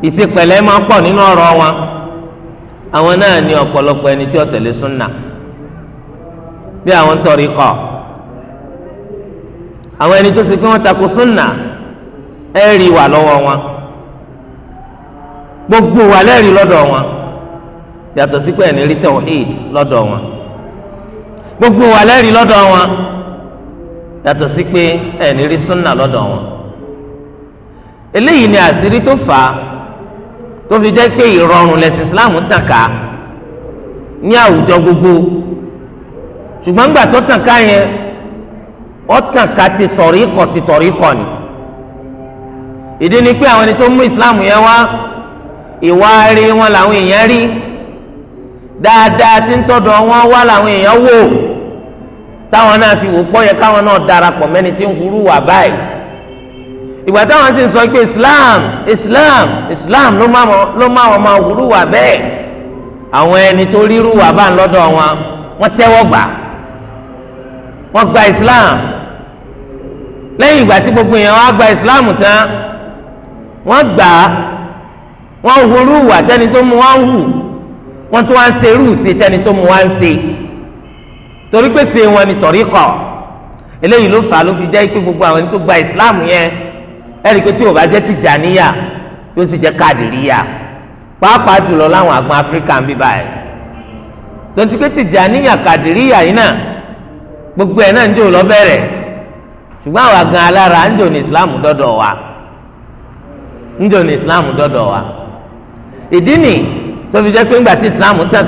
S1: ìṣepẹ̀lẹ́ máa pọ̀ nínú ọ̀rọ̀ wọn àwọn náà ní ọ̀pọ̀lọpọ̀ ẹni tí ó tẹ̀lé súnà bí àwọn ń tọrí kọ àwọn ẹni tó ti pé wọ́n takò súnà ẹ rí wà lọ́wọ́ wọn gbogbo wà lẹ́rìí lọ́dọ̀ wọn yàtọ̀ sí pé ẹni rí tẹ̀wọ̀n éèd lọ́dọ̀ wọn gbogbo wà lẹ́rìí lọ́dọ̀ wọn yàtọ̀ sí pé ẹni rí súnà lọ́dọ̀ wọn eléyìí ni àṣírí tó fà á tó fi jẹ́ pé ìrọ̀rùn lẹ̀sìn islam tàn ká ní àwùjọ gbogbo ṣùgbọ́n gbà tó tàn ká yẹn ó tàn ká ti sọ̀rí kọ̀ ti sọ̀rí kọ̀ ni ìdí ni pé àwọn ẹni tó mú islam yẹn wá ìwà rí wọn làwọn èèyàn rí dáadáa tí ń tọ́dọ̀ wọn wá làwọn èèyàn wò táwọn náà fi wò pọ́ yẹ káwọn náà darapọ̀ mẹ́ni tí ń hurú wà báyìí ìgbà táwọn sì ń sọ pé Islam Islam Islam ló má wọn máa hurú wà bẹ́ẹ̀ àwọn ẹni tó rírú wà bá ń lọ́dọ̀ wọn wọ́n tẹ́wọ́ gbà wọ́n gba Islam lẹ́yìn ìgbà tí gbogbo èèyàn wá gba Islam tán wọ́n gbà á wọ́n hurú wà tẹ́ni tó mú wá ń hù wọ́n tún wá ń ṣerú sí tẹ́ni tó mú wá ń ṣe torí pé ṣe wọn ni tọ̀ríkọ̀ eléyìí ló fà á ló fi jẹ́ ikú gbogbo àwọn ẹni tó gba ìsìláàmù yẹn ẹ̀rí pé tí ò bá jẹ́ tìjàníyà yóò sì jẹ́ kádìríyà pàápàá jùlọ láwọn àgbọn áfíríkà ń bí báyìí tonti pé tìjàníyà kádìríyà yìí náà gbogbo ẹ̀ náà ń jò lọ bẹ̀rẹ̀ ṣùgbọ́n àwọn àgbọn alára ń jò ní ìsìláàmù dọ́dọ̀ wa ń jò ní ìsìláàmù dọ́dọ̀ wa ìdí nì tó fi jẹ́ pé ńgbà tí ìsìláàmù tàn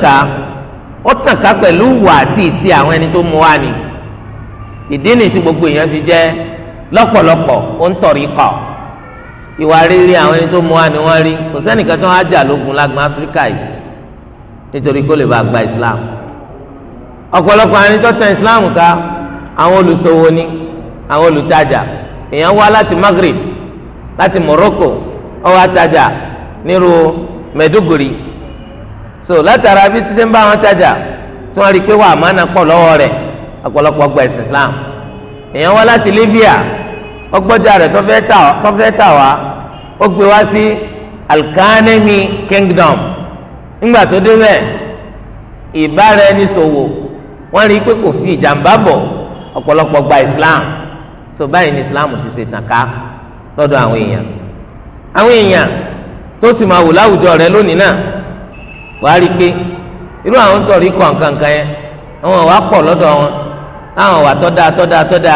S1: ó tàn ká pẹ̀lú wà àti ìsí àwọn ẹni tó mú wá ni ìdí nìyí tí gbogbo èèyàn ti jẹ́ lọ́pọ̀lọpọ̀ ó ń tọ̀rí kọ̀ ìwà rírí àwọn ẹni tó mú wá ni wọ́n rí kò sẹ́nìkan tó wá jà lógun lágbọn áfíríkà yìí nítorí kó lè bá gba islam ọ̀pọ̀lọpọ̀ àwọn ẹni tó tàn islam ká àwọn olùṣòwò ni àwọn olùtajà èèyàn wá láti Maghrib láti Morocco ó wá tajà nírú Maiduguri so látara bí títí ń bá wọn tajà tí wọn rí i pé wà á máa pọ̀ lọ́wọ́ rẹ̀ ọ̀pọ̀lọpọ̀ gba ẹ̀sìn Islam èèyàn wá láti Libya ọgbọ́jà rẹ̀ tó fẹ́ tà wá ó gbé wá sí Alkanemi Kingdom ńgbà tó débẹ̀ ìbára ẹni ṣòwò wọn rí i pé kò fi ìjàmbá bọ̀ ọ̀pọ̀lọpọ̀ gba Islam tó báyìí ní Islam ti ṣe tàn ká lọ́dọ̀ àwọn èèyàn àwọn èèyàn tó sì máa wò láwùjọ rẹ̀ lónìí náà wàá rí i pé irú àwọn tọ̀rí kọ̀ nkankan yẹn àwọn wàá pọ̀ lọ́dọ̀ wọn àwọn wàá tọ́da tọ́da tọ́da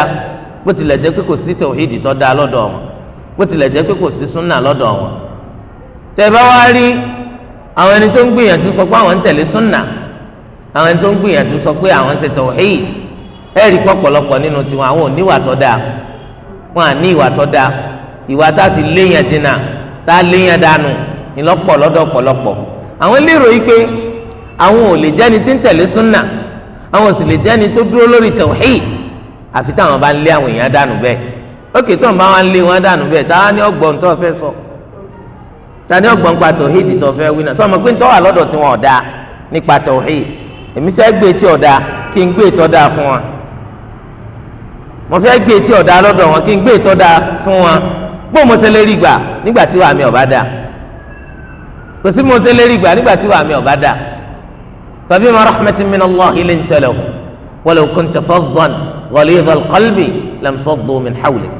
S1: bó tilẹ̀ jẹ́ pé kò sí tòhídì tọ́da lọ́dọ̀ wọn bó tilẹ̀ jẹ́ pé kò sí súnà lọ́dọ̀ wọn. tẹ̀bá wá rí àwọn ẹni tó ń gbìyànjú sọ pé àwọn ń tẹ̀lé súnà àwọn ẹni tó ń gbìyànjú sọ pé àwọn ń pọ̀pọ̀lọpọ̀ nínú tiwọn àwọn ò ní ìwà tọ́da àwọn lérò yìí pé àwọn ò lè jẹ́ni tí ń tẹ̀lé súnà àwọn ò sì lè jẹ́ni tó dúró lórí tauhid àfi táwọn bá ń àwọn èèyàn dànù bẹ́ẹ̀ ókè tó ń bá wọn lé wọn dànù bẹ́ẹ̀ táwa ní ọgbọ́n tó fẹ́ sọ ní fẹ́ lọ́dọ̀ tí wọn ọ̀dà nípa tauhid èmi fẹ́ gbé tí ọ̀dà kí n gbé tọ́da fún wọn mo fẹ́ gbé tí ọ̀dà n gbé fún wọn gbọ́ mo tẹ́lẹ̀ rí gbà nígbà kò sí mo ṣe lérí gbà nígbà tí wàá mi ọba dà tàbí ma rahmatin min allah ilé ń tẹlẹ o walau kunta faddan ghalidha alqalbi lanfaddu min hawlik.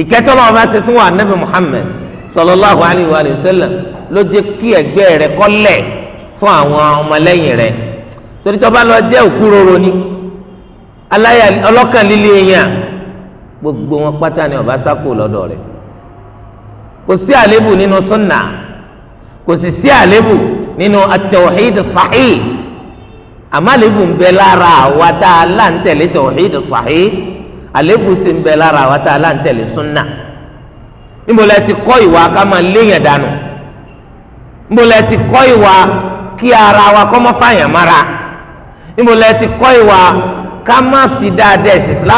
S1: ìkẹtọ́ náà bá ti fún wa nabi muhammed sallallahu alayhi wa sallam ló jẹ́ kí ẹgbẹ́ rẹ̀ kọ́lẹ̀ fún àwọn ọmọlẹ́yìn rẹ̀ torí tó lọ jẹ́ òkú roro ni
S2: aláya ọlọ́kàn líle yẹn
S1: gbogbo wọn pátá ni ọba sákò lọ́dọ̀ rẹ̀ kò sí àlébù nínú sunnah kò sì sí àlébù nínú at-tawhid àmọ́ àlébù ń bẹ lára àwa tá a là ń tẹ̀lé tawhid sahih àlébù sì ń bẹ lára àwa tá a là ń tẹ̀lé súnà níbo iwa ti kọ́ ìwà ká máa léèyàn dànù ti kọ́ ìwà kí ara wa kọ́ mọ́ fàyàn mára níbo ti kọ́ ìwà ká má fi dáadáa ẹ̀sìn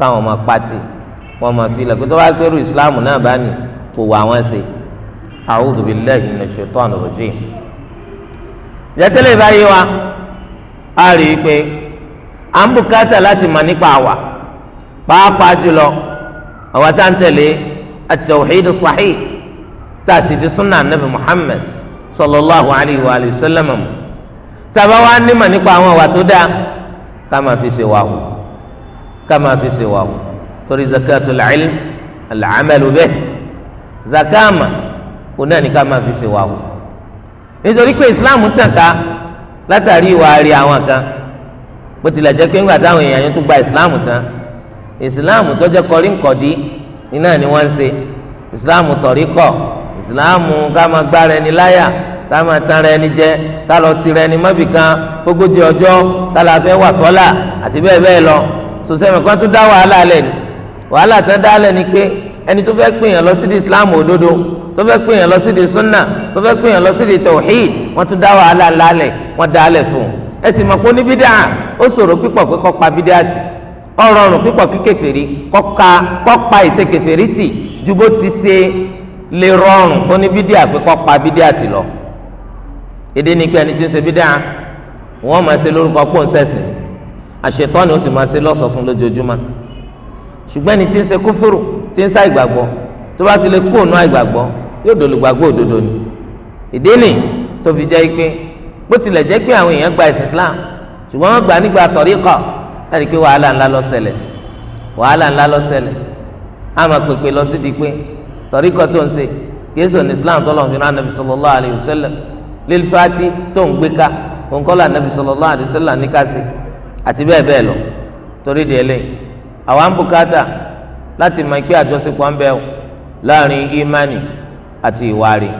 S1: àwọn wọn máa fi ilẹ̀ pé tó bá gbèrú ìsìláàmù náà bá nì kò wà wọn sí a'udhu billahi minash shaitani rajim. ìjẹ́tẹ́lẹ̀ ìbáyé wa a rí i pé à ń bùkátà láti mọ̀ nípa àwà pàápàá jùlọ àwa tá à ń tẹ̀lé at-tawhid as-sahih tá a sì di sunnah nabi Muhammad sallallahu alayhi wa sallam mu tàbá wa nímọ̀ nípa àwọn àwà tó dáa ká máa fi ṣe wà ká máa fi ṣe wà torí zakatu al-ilm al-amalu bih zakama kò náà ní ká máa fi ṣe wà wò nítorí pé islam tàn ká látàrí ìwà rí àwọn kan bó tilẹ̀ jẹ́ pé ńgbà táwọn èèyàn yẹn tó gba islam tán islam tó jẹ́ kọrí nkọ̀dí iná ni wọ́n ń ṣe islam tọ̀rí kọ̀ islam ká máa gbára ẹni láyà ká máa tanra ẹni jẹ ká lọ tira ẹni mọ́bìkan ogójì ọjọ́ ká la fẹ́ wà sọ́là àti bẹ́ẹ̀ bẹ́ẹ̀ lọ sọ̀sẹ́ kan tún dá wàhálà lẹ́nu wàhálà tán dálẹ̀ ni pé ẹni tó fẹ́ pèèyàn lọ sídìí islam òdodo tó fẹ́ pèèyàn lọ sídìí sunna tó fẹ́ pèèyàn lọ sídìí tawhid wọ́n tún dá wàhálà lálẹ̀ wọ́n dálẹ̀ fún un ẹ sì mọ̀ pé ní bídà ó ṣòro pípọ̀ pé kọ́ pa bídà sí ọ̀rọ̀ ọ̀rùn pípọ̀ kí kèfèrí kọ́ pa ìṣe kèfèrí sí ju bó ti ṣe lè rọrùn ó ní bídà pé kọ́ pa bídà sí lọ. èdè ni pé ẹni tí ń ṣe bídà wọ́n máa ṣe lórúkọ pọ́ńsẹ̀sì àṣetọ́ni ó sì máa ṣe lọ́sọ̀ fún lójoojúmọ́ ṣùgbọ́n ẹni tí ń ṣe kúfúrù tí ń sá ìgbàgbọ́ tó bá ti lè kú òun àìgbàgbọ́ yóò dolùgbàgbọ́ òdodo ni ìdí ni tó fi jẹ́ pé bó tilẹ̀ jẹ́ pé àwọn èèyàn gba ẹ̀sìn Islam ṣùgbọ́n wọ́n gbà nígbà tọ̀ríkọ̀ láti pé wàhálà ńlá lọ ṣẹlẹ̀ wàhálà ńlá lọ ṣẹlẹ̀ á máa pèpè lọ sí di pé tọ̀ríkọ̀ tó ń ṣe yéésù ní Islam tó lọ́n fi rán anabi sallallahu alayhi wa sallam lil fati tó ń gbé ká òǹkọ́lá anabi sallallahu alayhi wa sallam ní ká sí àti bẹ́ẹ̀ bẹ́ẹ̀ lọ torí di eléyìí àwa ń bùkátà láti mọ pé àjọṣepọ̀ ń bẹ láàrin ìmánì àti ìwárí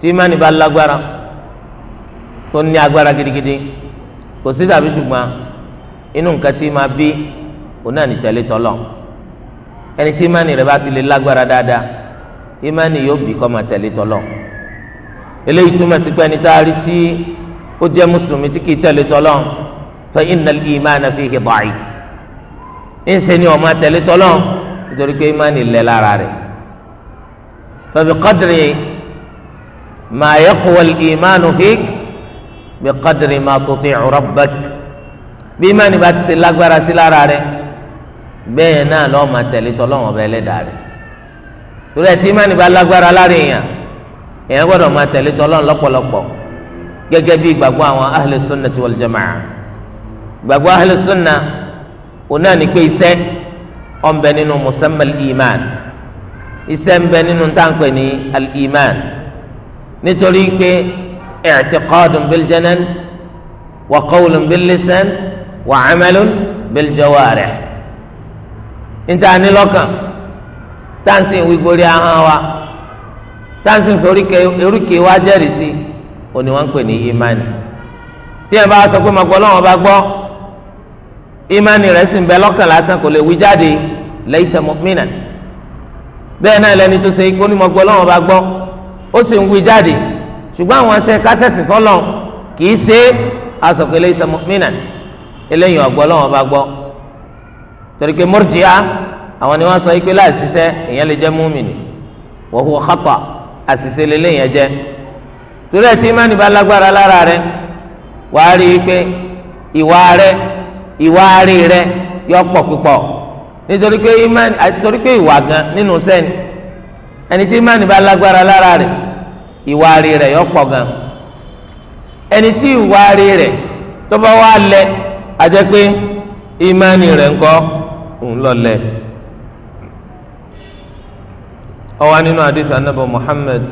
S1: tí ìmánì bá lágbára tó ní agbára gidigidi kò sí tàbí ṣùgbọ́n inú nǹkan tí máa bí òun náà nìtẹ̀lé tọ́lọ̀ ẹni tí ìmánì rẹ̀ bá ti lè lágbára dáadáa ìmánì yóò bí kọ́ máa tẹ̀lé tọ́lọ̀ eléyìí túmọ̀ sí pé ẹni tá a rí tí ó jẹ́ mùsùlùmí tí kì í tẹ̀lé tọ́lọ̀ fa innal imana fihi da'if ńṣe ni ọmọ tẹ̀lé tọ́lọ́ nítorí pé ìmánì lẹ̀ lára rẹ̀ fẹ́bi kọ́dìrì máa yẹ kọ́wọ́l ìmánu fík bí kọ́dìrì máa tó fi ọ̀rọ̀ bẹ́ẹ̀ bí ìmánì bá ti lágbára sí lára rẹ̀ bẹ́ẹ̀ náà lọ́ọ́ máa tẹ̀lé tọ́lọ́ wọn bẹ́ẹ̀ lẹ́dàá rẹ̀ torí ẹ̀ tí ìmánì bá lágbára lára èèyàn èèyàn gbọ́dọ̀ máa tẹ̀lé tọ́lọ́ lọ́pọ̀lọpọ̀ gẹ́gẹ́ bí ìgbàgbọ́ àwọn ahlẹ̀ sunna ti wal jama'a ìgbàgbọ́ ahlẹ̀ sunna òun náà ní pé iṣẹ́ ọ̀nbẹ nínú musamman iman iṣẹ́ ń bẹ nínú táǹpẹ̀ ní al-iman nítorí pé i'tiqadun bil-janan wa qawlun bil-lisan wa 'amalun bil-jawarih níta ní lọ́kàn táǹsì ń wí gorí ahọ́n wa táǹsì ń forí eríkèé wa jẹ́rìí sí òní wọ́n ń pè ní imani tí ẹ bá sọ pé màgbọ́ lọ́wọ́ ìmánì rẹ̀ sì ń bẹ lọ́kàn lásán kò lè wí jáde laysa mu'minan bẹ́ẹ̀ náà lẹni tó ṣe ikú onímọ̀ gbọ́ lọ́wọ́ bá gbọ́ ó sì ń wí jáde ṣùgbọ́n àwọn ṣe kásẹ̀sì fọlọ́ kì í ṣe àsọ̀kò laysa mu'minan eléyìí ọ̀gbọ́ lọ́wọ́ bá gbọ́ torí pé murji'a àwọn ni wọ́n sọ ikú láì ṣiṣẹ́ ìyẹn lè jẹ́ múmìnì wa huwa khata àṣìṣe lélẹ́yìn ẹ̀jẹ̀ torí ẹ̀ tí ìmánì bá lágbára lára rẹ̀ wàá rí i pé ìwà rẹ̀ ìwárí rẹ yọ pọ̀ púpọ̀ nítorí pé ìmánì àti torí pé ìwà gan nínú sẹ́ni ẹni tí ìmánì bá lágbára lára rẹ̀ ìwárí rẹ yọ pọ̀ gan ẹni tí ìwárí rẹ tó bá wà lẹ àjẹ́ pé ìmánì rẹ̀ ńkọ́ òun lọ lẹ. ọwọ́ nínú àdìsá nàbọ̀ Muhammad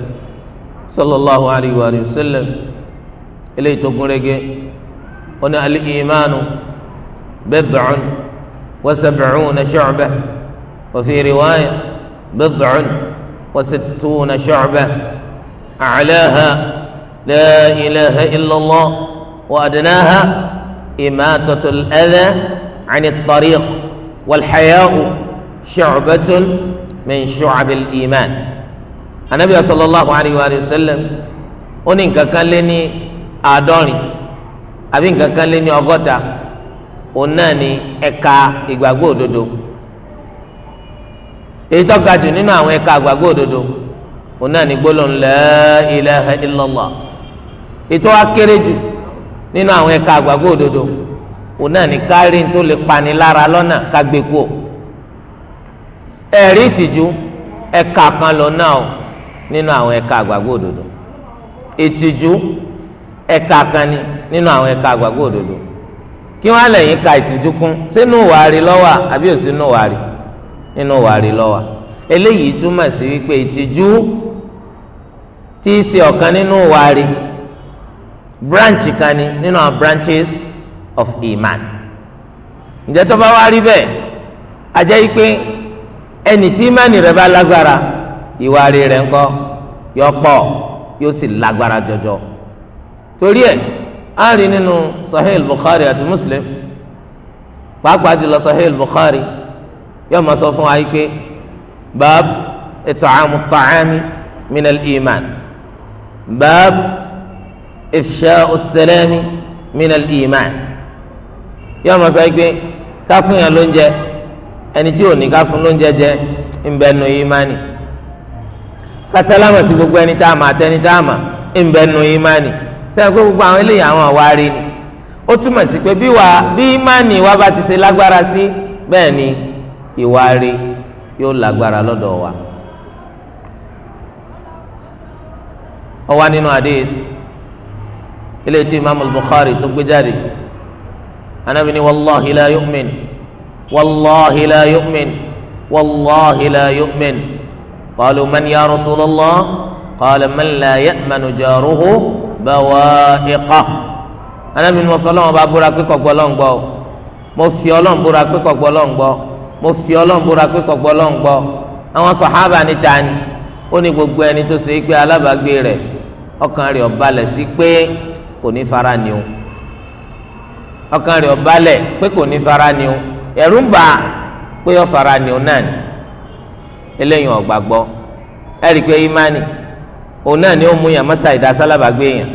S1: sallallahu alayhi wa sallam eléyìí tó gúnrégé ó ní al-imanu. بضع وسبعون شعبة وفي رواية بضع وستون شعبة أعلاها لا إله إلا الله وأدناها إماتة الأذى عن الطريق والحياء شعبة من شعب الإيمان النبي صلى الله عليه وآله وسلم أنك كان لني أدوني أبين كان لني أغطى òun náà ni ẹ̀ka ìgbàgbọ́ òdodo èyí tó ga jù nínú àwọn ẹ̀ka ìgbàgbọ́ òdodo òun náà ni gbólóhùn la ilaha ètò wa jù nínú àwọn ẹ̀ka ìgbàgbọ́ òdodo òun náà ni kárí tó lè pani lára lọ́nà kágbé ẹ̀rí ìtìjú ẹ̀ka kan lọ náà nínú àwọn ìgbàgbọ́ òdodo ìtìjú kan ni nínú àwọn ìgbàgbọ́ kí wọ́n á lẹ́yìn ka ìtìjú kún sínú wàárí lọ́wọ́ àbí ò sínú wàárí nínú wàárí lọ́wọ́ eléyìí túmọ̀ sí wípé ìtìjú tí í ṣe ọ̀kan nínú wàárí branch kan ni nínú àwọn branches of iman ǹjẹ́ tó bá wá rí bẹ́ẹ̀ ajẹ́ wípé ẹni tí imani rẹ̀ bá lágbára ìwàárí rẹ̀ ńkọ́ yọ pọ̀ yóò sì lágbára jọjọ torí ẹ̀ a rí nínú sahih bukhari àti muslim pàápàá jùlọ sahih bukhari yóò máa sọ fún wa pé bab it'amu ta'ami min al-iman bab ifsha'u as-salami min al-iman yóò máa sọ pé káfún yẹn ló ń jẹ ẹni tí ò ní káfún ló ń jẹ jẹ ń bẹ nu imani sí gbogbo ẹni tá a mà àtẹni tá a mà ń bẹ nu imani sẹ́yìn pé gbogbo àwọn eléyìí àwọn àwa rí ni ó túmọ̀ sí pé bí wa bí ìmánì wa bá ti ṣe lágbára sí bẹ́ẹ̀ ni ìwà rí yóò lágbára lọ́dọ̀ wa. ó wà nínú hadith ilé tí imaamu bukhari tó gbé jáde anabi ni wàllahi la yu'min wàllahi la yu'min wàllahi la yu'min qalu man ya rasulallah qala man la ya'manu jaruhu. bawa'iqa anábì mo fọ lọ́wọ́ bá búra pé kọ̀gbọ́ lọ́n gbọ́ mo fi ọlọ́n búra pé kọ̀gbọ́ lọ́n gbọ́ mo fi ọlọ́n búra pé kọ̀gbọ́ lọ́n gbọ́ àwọn tani ó ní gbogbo ẹni tó ṣe é pé alábàágbé rẹ̀ ọkàn rẹ̀ sí pé kò ní fara ni o ni o ń bà pé ni o náà ni eléyìí òun náà ni ó mú yàn mọ́tà ìdá sálábà gbé yàn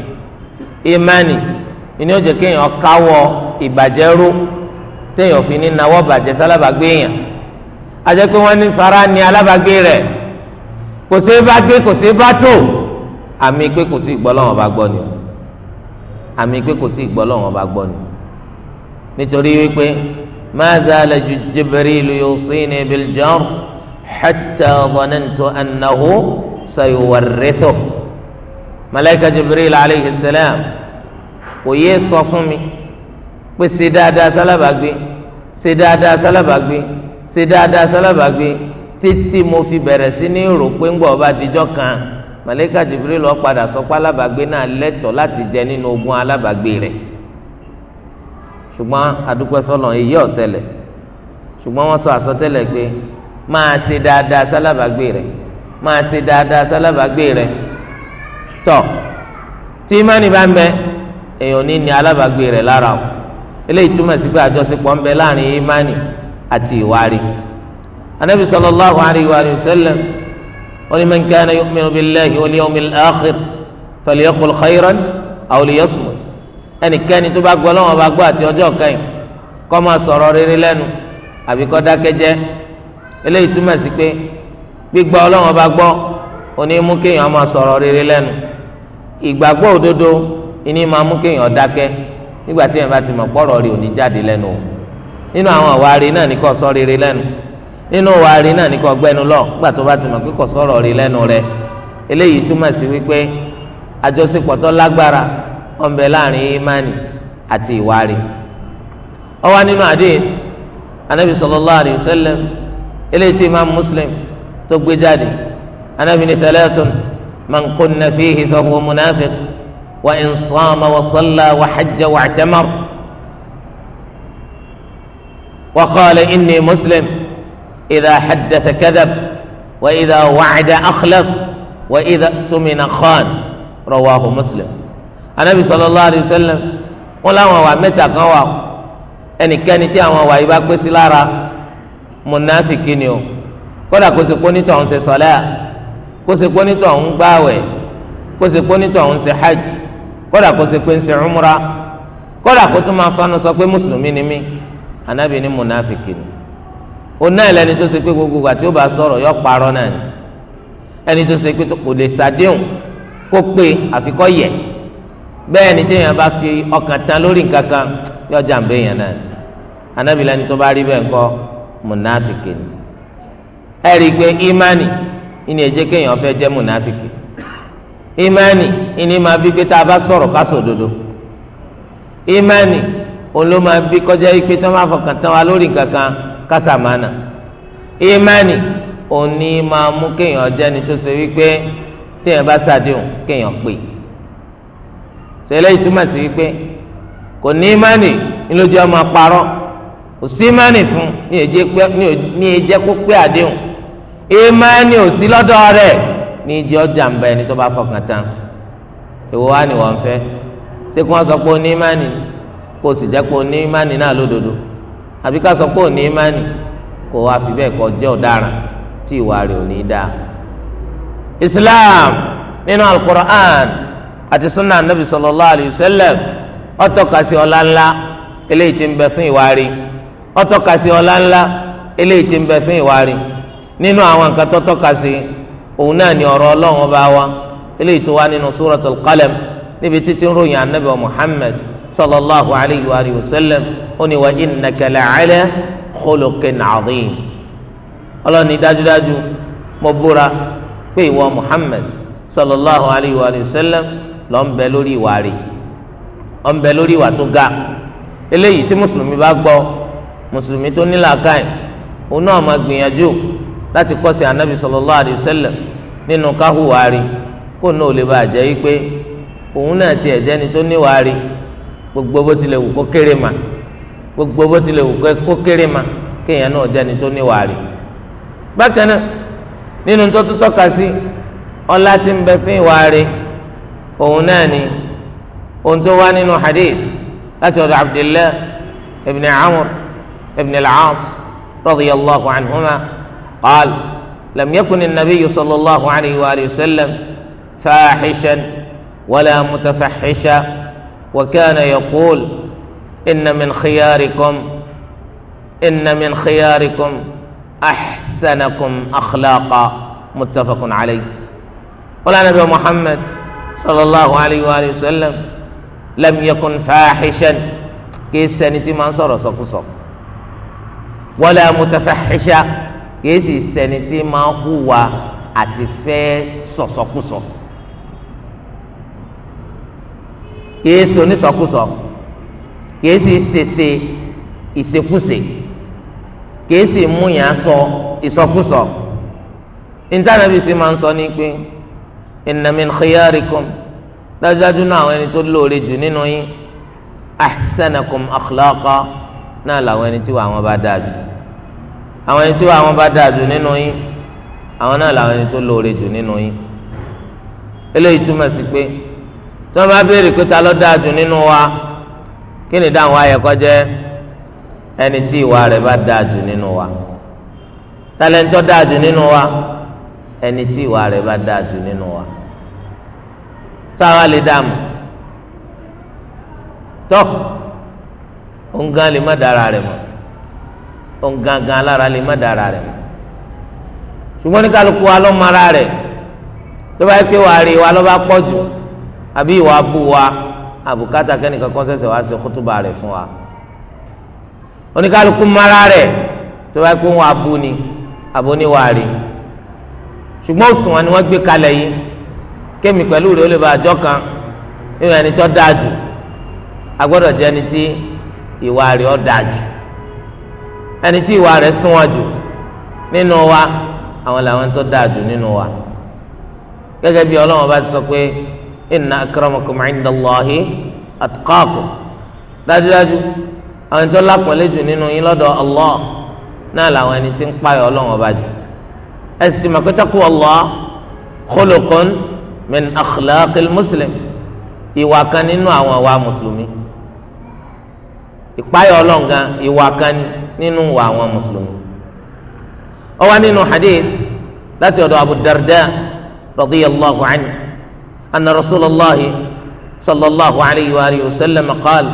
S1: ìmánì ni ó jẹ́ kéèyàn káwọ́ ìbàjẹ́ ró téèyàn fi ní nawọ́ bàjẹ́ sálábà gbé yàn ajẹ́ pé wọ́n ní sara ni alábàgbé rẹ̀ kò sí bá gbé kò sí bá tó àmì pé kò sí ìgbọ́lọ́wọ́n bá gbọ́ ni àmì pé kò sí ìgbọ́lọ́wọ́n bá gbọ́ ni nítorí wípé ma zala jibrilu yusini bil jar hatta zanantu annahu sayuwarrithu malayika jibril alayhi salam kò yé sọ fún mi pé ṣe dáadáa sálábàgbé ṣe dáadáa sálábàgbé ṣe dáadáa sálábàgbé títí mo fi bẹ̀rẹ̀ sí ní rò pé ńgbà ọba àtijọ́ kan malayika jibril ó padà sọ pé alábàgbé náà lẹ́tọ̀ọ́ láti jẹ nínú ogún alábàgbé rẹ̀ ṣùgbọ́n adúpẹ́ èyí ọ̀sẹ̀lẹ̀ ṣùgbọ́n wọ́n sọ àsọtẹ́lẹ̀ pé máa ṣe dáadáa sálábàgbé rẹ̀ máa ṣe dáadáa sálábàágbé rẹ tọ tí imáni bá ń bẹ èèyàn ní ní alábàágbé rẹ lára o eléyìí túmọ̀ sí pé àjọṣepọ̀ ń bẹ láàrin imáni àti ìwárí anabi sallallahu alayhi wa sallam ó ní man kana yu'minu billahi wal yawmil akhir falyaqul khayran aw liyasmut ẹnikẹ́ni tó bá gbọ́ lọ́wọ́ bá gbọ́ àti ọjọ́ kẹ́yìn kó máa sọ̀rọ̀ rere lẹ́nu àbí kó dákẹ́ eléyìí túmọ̀ sí pé gbígbà ọlọ́run ọba gbọ́ òní mú kéèyàn máa sọ̀rọ̀ rere lẹ́nu ìgbàgbọ́ òdodo iní máa mú kéèyàn dákẹ́ nígbà tí èèyàn bá mọ̀ pọ̀rọ̀ rẹ̀ òní jáde lẹ́nu o nínú àwọn àwárí náà ní kò sọ rere lẹ́nu nínú náà ní kò lọ nígbà tó bá mọ̀ pé sọ̀rọ̀ lẹ́nu rẹ̀ eléyìí muslim tó gbé jáde anábì ní salatun man kunna fihi fa huwa munafiq wa in sama wa salla wa hajja wa i'tamar wa qala inni muslim idha haddatha kadhab wa idha wa'ada akhlaf wa idha tumina khan rawahu muslim anabi sallallahu alayhi wa sallam wọn làwọn wà mẹ́ta kan wà ẹnikẹ́ni tí àwọn wà yìí bá pèsè lára munafiki ni o. kódà kó ṣe pónítọ̀ ń ṣe sọ́lá kó ṣe pónítọ̀ ń gbàwẹ̀ kó ṣe pónítọ̀ ń ṣe hajj kódà kó ṣe pé ń umra kódà kó tún máa fanu sọ pé mùsùlùmí ni mí anábì ní mùnàfìkì ni òun náà lẹni tó ṣe pé gbogbo ìgbà tí ó bá sọ̀rọ̀ yọ parọ́ náà ni ẹni tó ṣe pé kò lè ṣàdéhùn kó pé àfikọ́ yẹ bẹ́ẹ̀ ni téèyàn bá fi ọkàn tán lórí nǹkan kan yọ jàǹbé yẹn náà anábì lẹni tó bá rí bẹ́ẹ̀ kọ́ mùnàfìkì ni. ẹ̀rí pé ìmánì ìní ẹ̀jẹ̀ kéèyàn fẹ́ jẹ́ múnafìkì ìmánì ìní máa bí pé tá a bá sọ̀rọ̀ ká sọ ìmánì òun ló máa bí kọjá yìí pé máa fọkàn tán wa lórí kankan kásàmánà ìmánì òun ní máa mú kéèyàn ni tó ṣe wípé téèyàn bá ṣàdéhùn kéèyàn pè ṣẹlẹ̀ ìtumọ̀ sí wípé kò ní ìmánì ńlójú ọmọ parọ́ kò sí ìmánì fún ní èjẹ́ kó pé àdéhùn ìmánì ò sí lọ́dọ̀ rẹ̀ ní ìdí ọjà ń bá ẹni tó bá fọkàn tán ni wọ́n fẹ́ sọ pé ní ìmánì o sì jẹ́ pé ní ìmánì náà lódodo sọ ní wá fi bẹ́ẹ̀ kọ́ jẹ́ ọ̀daràn tí ìwà rẹ̀ Islam nínú al àti sunnah Nabi sallallahu alayhi wa sallam ńlá eléyìí fún ọtọ ọla ńlá eléyìí fún nínú àwọn nǹkan tó tọ́ka sí òun náà ni ọ̀rọ̀ ọlọ́run ọba wa eléyìí tó wá nínú suratul qalam níbi títí ń ròyìn anabi muhammed sallallahu alayhi wa sallam ó ní wa innaka la'ala khuluqin azim ọlọ́run ní dájúdájú mo búra pé ìwọ muhammed sallallahu alayhi wa sallam lọ ń bẹ lórí ìwà rẹ̀ ọ ń bẹ lórí ìwà tó ga eléyìí tí mùsùlùmí bá gbọ́ mùsùlùmí tó ní làákàyè òun náà máa gbìyànjú láti kọ́sí anabi sallallahu alayhi wa sallam nínú káhùwárí kó náà lè bá jẹ́ wípé òun náà ti ẹ̀jẹ̀ ni tó níwárí gbogbo bó tilẹ̀ wù kó kéré ma gbogbo bó tilẹ̀ wù kó kéré ma kéèyàn náà jẹ́ ni tó níwárí. bákan náà nínú tó tún tọ́ka sí ọlá tí ń bẹ fún ìwárí òun náà ni ohun tó wá nínú hadith láti ọ̀dọ̀ abdullahi ibn amr ibn al-aas radiyallahu anhuma. قال لم يكن النبي صلى الله عليه وآله وسلم فاحشا ولا متفحشا وكان يقول إن من خياركم إن من خياركم أحسنكم أخلاقا متفق عليه قال نبي محمد صلى الله عليه وآله وسلم لم يكن فاحشا كيس سنتي ما صار ولا متفحشا kìí sì sẹni tí máa hùwà àti fẹ́ sọ̀sọ̀kùsọ̀ kìí sì onísọ̀kùsọ̀ kìí sì ṣèṣe ìṣekúṣe kìí sì múyàn sọ ìsọkúsọ ìntànàbí sì máa ń sọ ní pé inna min dájúdájú náà àwọn ẹni tó lóore jù nínú yín ahsanakum akhlaqa náà làwọn ẹni tí wàá wọn bá dáa jù àwọn ẹni tí àwọn bá dáa jù nínú yín àwọn náà làwọn ẹni tó lóore jù nínú yín eléyìí túmọ̀ sí pé tí wọ́n bá béèrè pé ta ló dáa jù nínú wa kí ni dáhùn ayẹkọ jẹ́ ẹni tí ìwà rẹ̀ bá dáa jù nínú wa tálẹ́ńtọ́ dáa jù nínú wa ẹni tí ìwà rẹ̀ bá dáa jù nínú wa táwa lè dààmú tọ́ òun gan lè má dára rẹ̀ mọ́ òun gangan alára lè má dára rẹ̀ ṣùgbọ́n ní kálukú wa ló mara rẹ̀ tó bá yẹ pé wàá rí wa ló bá pọ̀ jù àbí ìwà bú wa àbùkátà kẹ́nìkan kan ṣẹ̀ṣẹ̀ wá ṣe kútùbà rẹ̀ fún wa oníkálukú mara rẹ̀ tó bá yẹ pé wọn abú ni àbó ní wàá rí ṣùgbọ́n òṣùwọ̀n ni wọ́n gbé kalẹ̀ yìí kémi pẹ̀lú rẹ̀ ó lè ba àjọ kan nínú ẹni tó dáa jù agbọ́dọ̀ jẹ́ ẹni tí ìwà rẹ̀ ó dáa jù ẹni tí ìwà rẹ̀ sunwọ̀n jù nínú wa àwọn làwọn tó dáa jù nínú wa gẹ́gẹ́ bí Ọlọ́run bá sọ pé inna akramakum inda Allahi atqakum dájúdájú àwọn tó lápọ̀lé jù nínú yín lọ́dọ̀ Allah náà làwọn ẹni tí ń payọ̀ Ọlọ́run ọba jù ẹ sì mọ̀ pé takú Allah min akhlaqil muslim ìwà kan nínú àwọn àwa mùsùlùmí ìpayọ̀ Ọlọ́run gan ìwà kan ni nínú wa àwọn mùsùlùmí ó wà nínú hadith láti ọ̀dọ̀ abu darda radiyallahu anhu anna rasulallah sallallahu alayhi wa alihi wa sallam qaal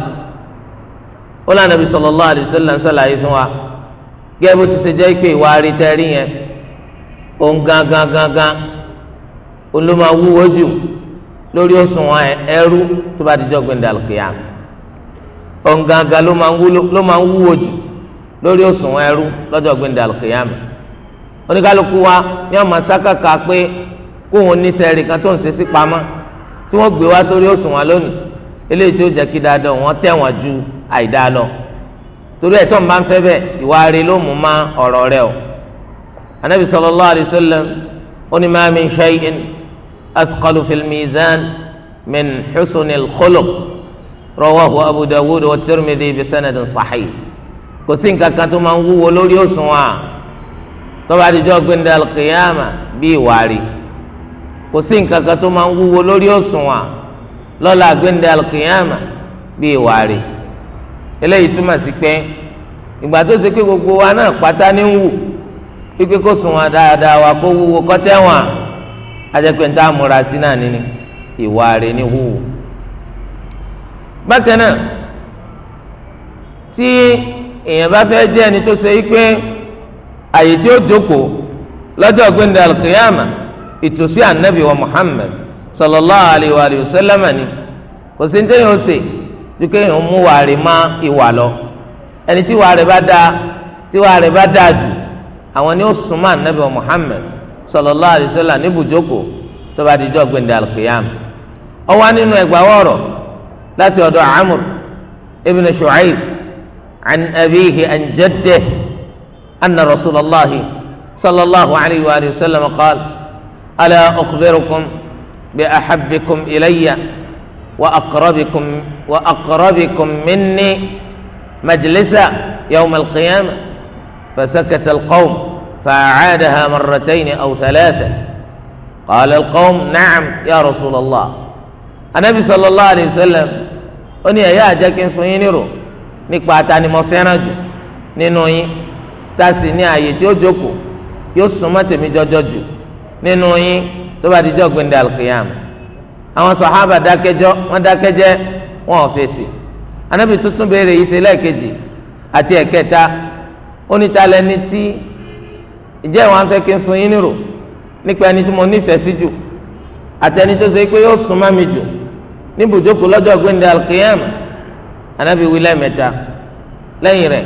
S1: ó lànà bí sallallahu alayhi wa sallam sàlàyé fún wa gẹ́gẹ́ bó ti ṣe jẹ́ pé ìwà arítẹ́rí yẹn òun gangan gangan olùmọ̀ wúwo jù lórí òṣùwọ̀n ẹrú tó bá ti jọ gbẹ̀ndàlùkìyà òun gangan ló máa ń wúwo jù lórí òṣùwọ̀n ẹrú lọ́jọ́ gbẹ̀ndẹ̀ àlùkìyàmù oníkálukú wa ní ọmọ sákàkà pé kóhun níṣẹ́ rẹ̀ kan tó ń ṣe sí pamọ́ tí wọ́n gbé wá sórí òṣùwọ̀n lónìí eléyìí tó jẹ́ kí dáadáa wọ́n tẹ̀wọ̀n ju àìdáa lọ torí ẹ̀ tó ń bá ń fẹ́ bẹ́ẹ̀ ìwà rẹ̀ ló mú má ọ̀rọ̀ rẹ̀ o anabi sallallahu alayhi wa sallam ó ní ma min shay'in asqalu min husnil khuluq rawahu abu wa tirmidhi bi sanadin kò sí nǹkan kan tó máa ń wúwo lórí òsùn wa tọ́ba àdìjọ́ gbẹ̀ndẹ̀ alùkìyàmà bíi wàrí kò sí nǹkan kan tó máa ń wúwo lórí òsùn wa lọ́la gbẹ̀ndẹ̀ alkiyama bíi wàrí eléyìí túmọ̀ sí pé ìgbà tó ṣe pé wa náà pátá ní wù pípé kó sùn wa dáadáa wa kó wúwo ajẹ́pẹ́ ń tá a múra sí náà nínú ìwà rẹ̀ ní wúwo. èèyàn bá fẹ́ jẹ́ ẹni tó ṣe yí pé àyè tí ó jókòó lọ́jọ́ gbẹ̀ndẹ̀ alqiyama ìtòsí ànábì wa Muhammad sallallahu alayhi wa alihi wa sallam ni kò sí ní tẹ́yìn ó sè ju kéèyàn mú wà rè má ìwà lọ ẹni tí wà rè bá dáa tí wà rè bá dáa jù àwọn ni ó súnmọ́ ànábì wa Muhammad sallallahu alayhi wa ní ibùjókòó tó bá di jọ́ gbẹ̀ndẹ̀ alqiyama ó nínú ẹgbàá wọ̀rọ̀ láti ọ̀dọ̀ Amr ibn Shu'ayb عن أبيه عن جده أن رسول الله صلى الله عليه وآله وسلم قال ألا أخبركم بأحبكم إلي وأقربكم وأقربكم مني مجلسا يوم القيامة فسكت القوم فأعادها مرتين أو ثلاثة قال القوم نعم يا رسول الله النبي صلى الله عليه وسلم أني يا جاكن سوينيرو nípa atani mo fẹ́ràn jù nínú yín tá a sì ní ààyè tí ó jókòó yóò súnmọ́ tèmi jọjọ jù nínú yín tó bá di jọ́ gbẹ̀ndẹ̀ alqiyam àwọn sàhábà dákẹ́jọ́ wọ́n dákẹ́jẹ́ wọn ò fèsì anábì tuntun béèrè yìí ṣe lẹ́ẹ̀kejì àti ẹ̀kẹta ó ní ta lẹni tí ìjẹ́ ìwọ̀n afẹ́ kí n sun yín nírò nípa ẹni tí mo nífẹ̀ẹ́ sí jù àtẹni tó ṣe pé yóò súnmọ́ mi jù níbùjókòó lọ́jọ́ gbẹ̀ndẹ̀ alqiyam anabi wí lẹ́ẹ̀mẹ́ta lẹ́yìn rẹ̀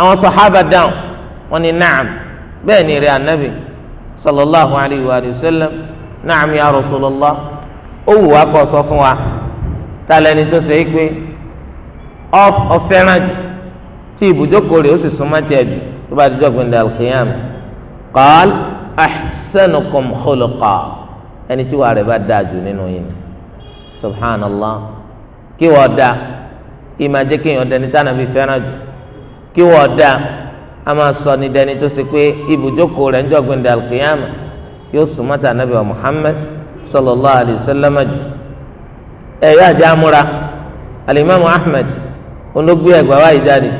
S1: àwọn sahaba dáhùn wọ́n ní naam bẹ́ẹ̀ ni rẹ̀ anabi sallallahu alayhi wa sallam naam ya rasulallah ó wù wá kó sọ fún wa tálẹ̀ ní tó ṣe é pé ọ̀fẹ́ràn jù tí ibùjókòó rẹ̀ ó sì súnmọ́ tiẹ̀ jù tó bá dijọ́ gbẹ̀ndẹ̀ alkiyam qaal ahsanukum khuluqa ẹni tí wàá rẹ̀ bá dáa jù nínú yìí subhanallah kí wọ́n dáa ìmọ̀ jẹ́ kéèyàn dẹni tí ànábì fẹ́ràn jù kí wọ́n dá a máa sọ ní dẹni tó ṣe pé ibùjókòó rẹ̀ ń jọ̀gbìn dà al-qiyama yóò sùn mọ́tà ànábì wa Muhammad sallallahu alayhi wa sallam jù. ẹ̀yọ́ àjẹ́ amúra alimami Ahmad olóògbé ẹ̀gbà wa ìjáde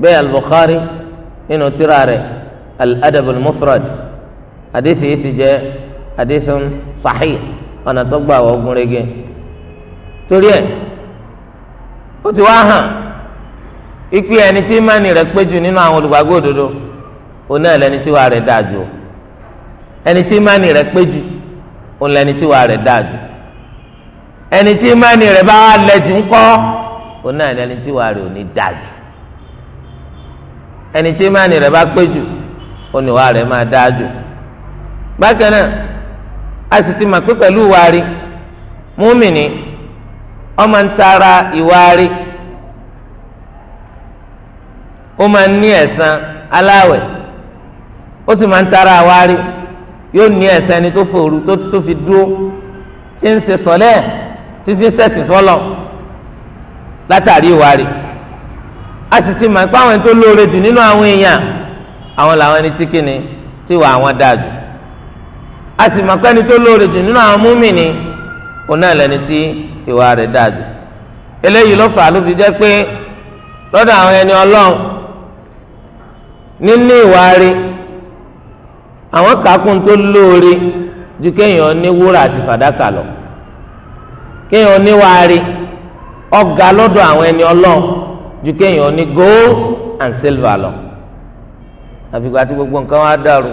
S1: bẹ́ẹ̀ al-Bukhari nínú tírà rẹ̀ al-Adab mufrad àdéhìí yìí ti jẹ́ àdéhìí sahih ọ̀nà tó gbà wọ́n gúnrégé torí ẹ̀ ó ti wá hàn ikú ẹni tí ìmánì rẹ̀ pé nínú àwọn olùgbàgbọ́ òdodo òun náà lẹni tí wàá rẹ̀ dáa jù ẹni tí ìmánì rẹ̀ pé òun lẹni tí wàá rẹ̀ dáa jù ẹni tí ìmánì rẹ̀ bá wà lẹ́jù ńkọ́ òun náà lẹni tí wàá dáa jù ẹni tí bá òun ni wàá máa dáa jù bákan náà a sì ti mà pé pẹ̀lú wàá ó máa ń tara ìwà rí ó máa ń ní ẹ̀san aláwẹ̀ ó sì máa ń tara àwa rí yóò ní ẹ̀san ẹni tó fòrú tó tó fi dúró tí ń ṣe sọ̀lẹ́ títí sẹ́sì fọlọ́ látàrí ìwà rí a sì ti mọ̀ pé àwọn ẹni tó lóore jù nínú àwọn èèyàn àwọn làwọn ẹni tí kìíní tí wà àwọn dáa jù a sì mọ̀ pé ẹni tó lóore jù nínú àwọn múmi ni òun náà lẹni tí ìwà rẹ̀ dájú eléyìí ló fà á ló fi jẹ́ pé lọ́dọ̀ àwọn ẹni ọlọ́run nínú ìwà rẹ̀ àwọn kàákùn tó lóore ju kéèyàn ní wúrà àti fàdákà lọ kéèyàn ní ìwà rẹ̀ ọ̀gá lọ́dọ̀ àwọn ẹni ọlọ́run ju kéèyàn ní gold and silver lọ àfikún àti gbogbo nǹkan wá dàrú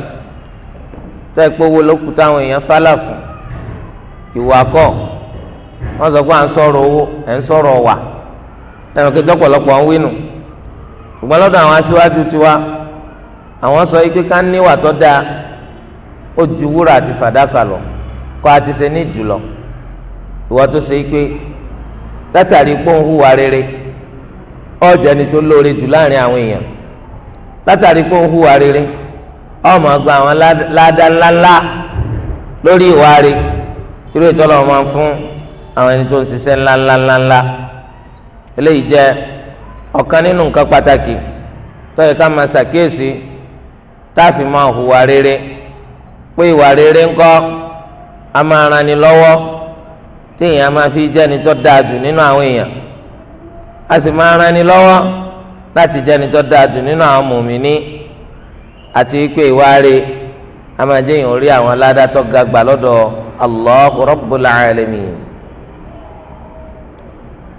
S1: sẹ́ẹ̀pẹ́ owó ló kú táwọn èèyàn fálà fún ìwà kọ́ wọ́n sọ pé à ń sọ̀rọ̀ owó ẹ̀ ń sọ̀rọ̀ wà ẹnu kí tọ́pọ̀lọpọ̀ ń wínú ṣùgbọ́n lọ́dọ̀ àwọn aṣíwájú tiwa àwọn sọ pé ká níwà tó dáa ó ju wúrà àti fàdákà lọ kọ́ àti ṣe ní jùlọ ìwọ tó ṣe pé látàrí pọ́n hùwà rere ọ̀jẹ̀ ni tó lóore jù láàrin àwọn èèyàn látàrí pọ́n hùwà rere ọmọ gba àwọn ládàá ńláńlá lórí ìwà rẹ̀ irú ìtọ́lọ́ wọn fún àwọn ẹni tó ń ṣiṣẹ́ ńláńláńláńlá eléyìí jẹ́ ọ̀kan nínú nǹkan pàtàkì tó yẹ ká máa ṣàkíyèsí tá máa hùwà rere pé ìwà rere ńkọ́ a máa ran ni lọ́wọ́ tí èèyàn máa fi jẹ́ ẹni tó dáa jù nínú àwọn èèyàn a sì máa ran ni lọ́wọ́ láti jẹ́ ẹni tó dáa jù nínú àwọn mùmíní àti pé ìwà rè a máa jẹ́ orí àwọn aládàá tó ga lọ́dọ̀ Allahu Rabbul Alamin.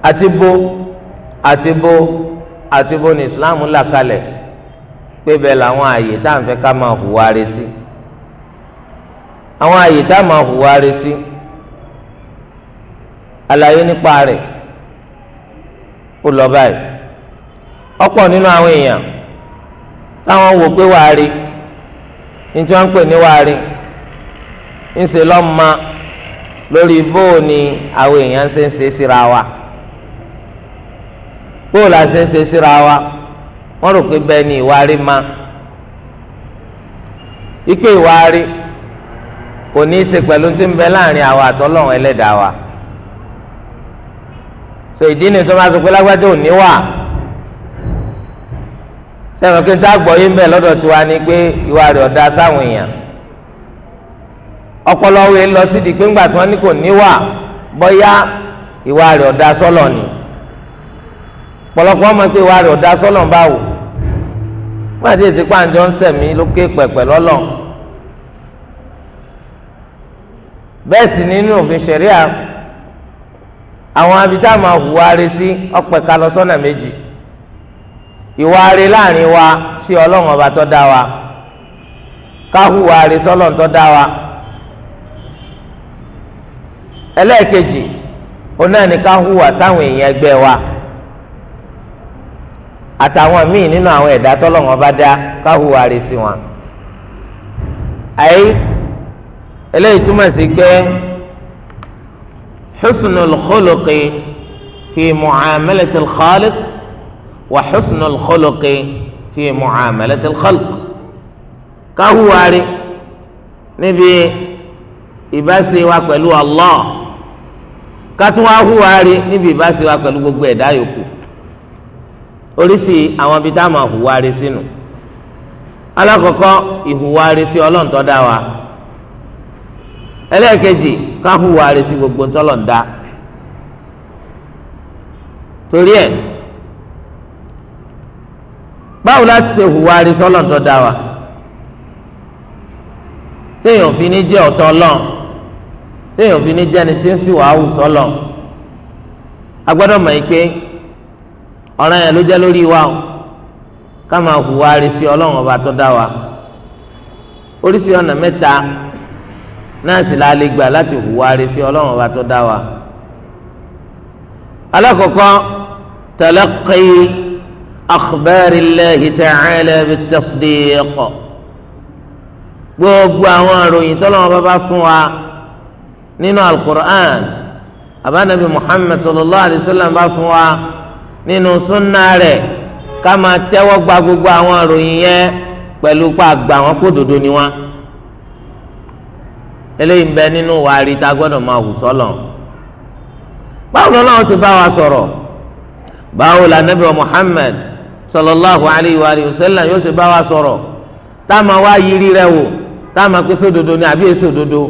S1: Atibo, atibo, atibo ni islam là kalẹ̀ pé bẹ́ẹ̀ làwọn àyè tá à ń fẹ́ ká máa hùwà rẹ̀ sí àwọn àyè tá à máa hùwà rẹ̀ sí àlàyé nípa rẹ̀ ó lọ báyìí ọ̀pọ̀ nínú àwọn èèyàn táwọn wò pé wàá rí ní tí wọ́n ń pè ní wàá rí ń ṣe lọ́ọ́ ma lórí bóò ni àwọn èèyàn ń ṣe ń ṣe síra wa. bóòlù àṣẹ ń ṣe síra wa wọ́n rò pé bẹ́ẹ̀ ni ma ike iwari ko kò ní í ṣe pẹ̀lú tí ń bẹ láàrin àwa wa so ìdí ni tó máa sọ pé lágbájá ò ní wà sẹ́wọ̀n kí n gbọ́ yín bẹ́ẹ̀ lọ́dọ̀ tiwa ni pé ọpọlọ wo lọ pé ńgbà tí ní kò ní wà ni. Kpọlọpọ ọmọ sí Ọda rẹ ọdá sọlọ ń bá wò wọn àti èsì pàǹjọ ń sẹmí lókè pẹpẹ lọlọ bẹ́ẹ̀ sì nínú òfin ṣẹríà àwọn abijá máa hùwà rẹ sí ọpẹ méjì ìwà wa sí Ọlọ́run ọba tó dá wa ká sọlọ tó dá wa táwọn èèyàn wa. àtàwọn míì nínú àwọn ẹ̀dá tọ́lọ́wọ́n bá dá káhùwà rè sí wọn. àyè eléyìí túmọ̀ sí pé husnul khuluqi fi mu'amalatil khaliq wa husnul khuluqi fi mu'amalatil khalq. káhùwà rè níbi ìbáṣe wa pẹ̀lú Allah kátó wá hùwà rè níbi ìbáṣe wa pẹ̀lú gbogbo ẹ̀dá yòókù oríṣi àwọn ibi tá a máa hùwà rí sínú alákọ̀ọ́kọ́ ìhùwà rí sí ọlọ́run tó dá wa ẹlẹ́ẹ̀kejì ká hùwà rí sí gbogbo tọ́lọ́run dá torí ẹ̀ báwo láti ṣe hùwà rí sí ọlọ́run dá wa téèyàn fi ní jẹ́ ọ̀tọ̀ ọlọ́run téèyàn fi ní jẹ́ ẹni tí ń sì wàá hù sọ́lọ́run agbọ́dọ̀ mọ̀ yìí ọ̀ràn yẹn ló jẹ́ lórí wa o ká máa hùwà rí sí ọlọ́run ọba tó dá wa oríṣi ọ̀nà mẹ́ta náà sì la lè gbà láti hùwà rí sí ọlọ́run ọba tó dá wa. alákọ̀ọ́kọ́ talaqqi akhbarillahi ta'ala bitasdiq gbogbo àwọn àròyìn tọ́lọ́run bá bá fún wa nínú alukur'an abánabi muhammad sallallahu alayhi wa sallam bá fún wa nínú súnà rẹ̀ ká máa tẹ́wọ́ gba gbogbo àwọn ìròyìn yẹn pẹ̀lú pa àgbà wọn kó dodo ni wọn. eléyìí ń bẹ nínú wàhálì tá a gbọ́dọ̀ máa wù sọ́lọ̀ báwo lọ́lọ́run ti bá wa sọ̀rọ̀ báwo la nabi wa sallallahu alayhi wa sallam yóò ti bá wa sọ̀rọ̀ tá a máa wá yiri rẹ̀ wò tá a máa pé sódodo ni àbí èso òdodo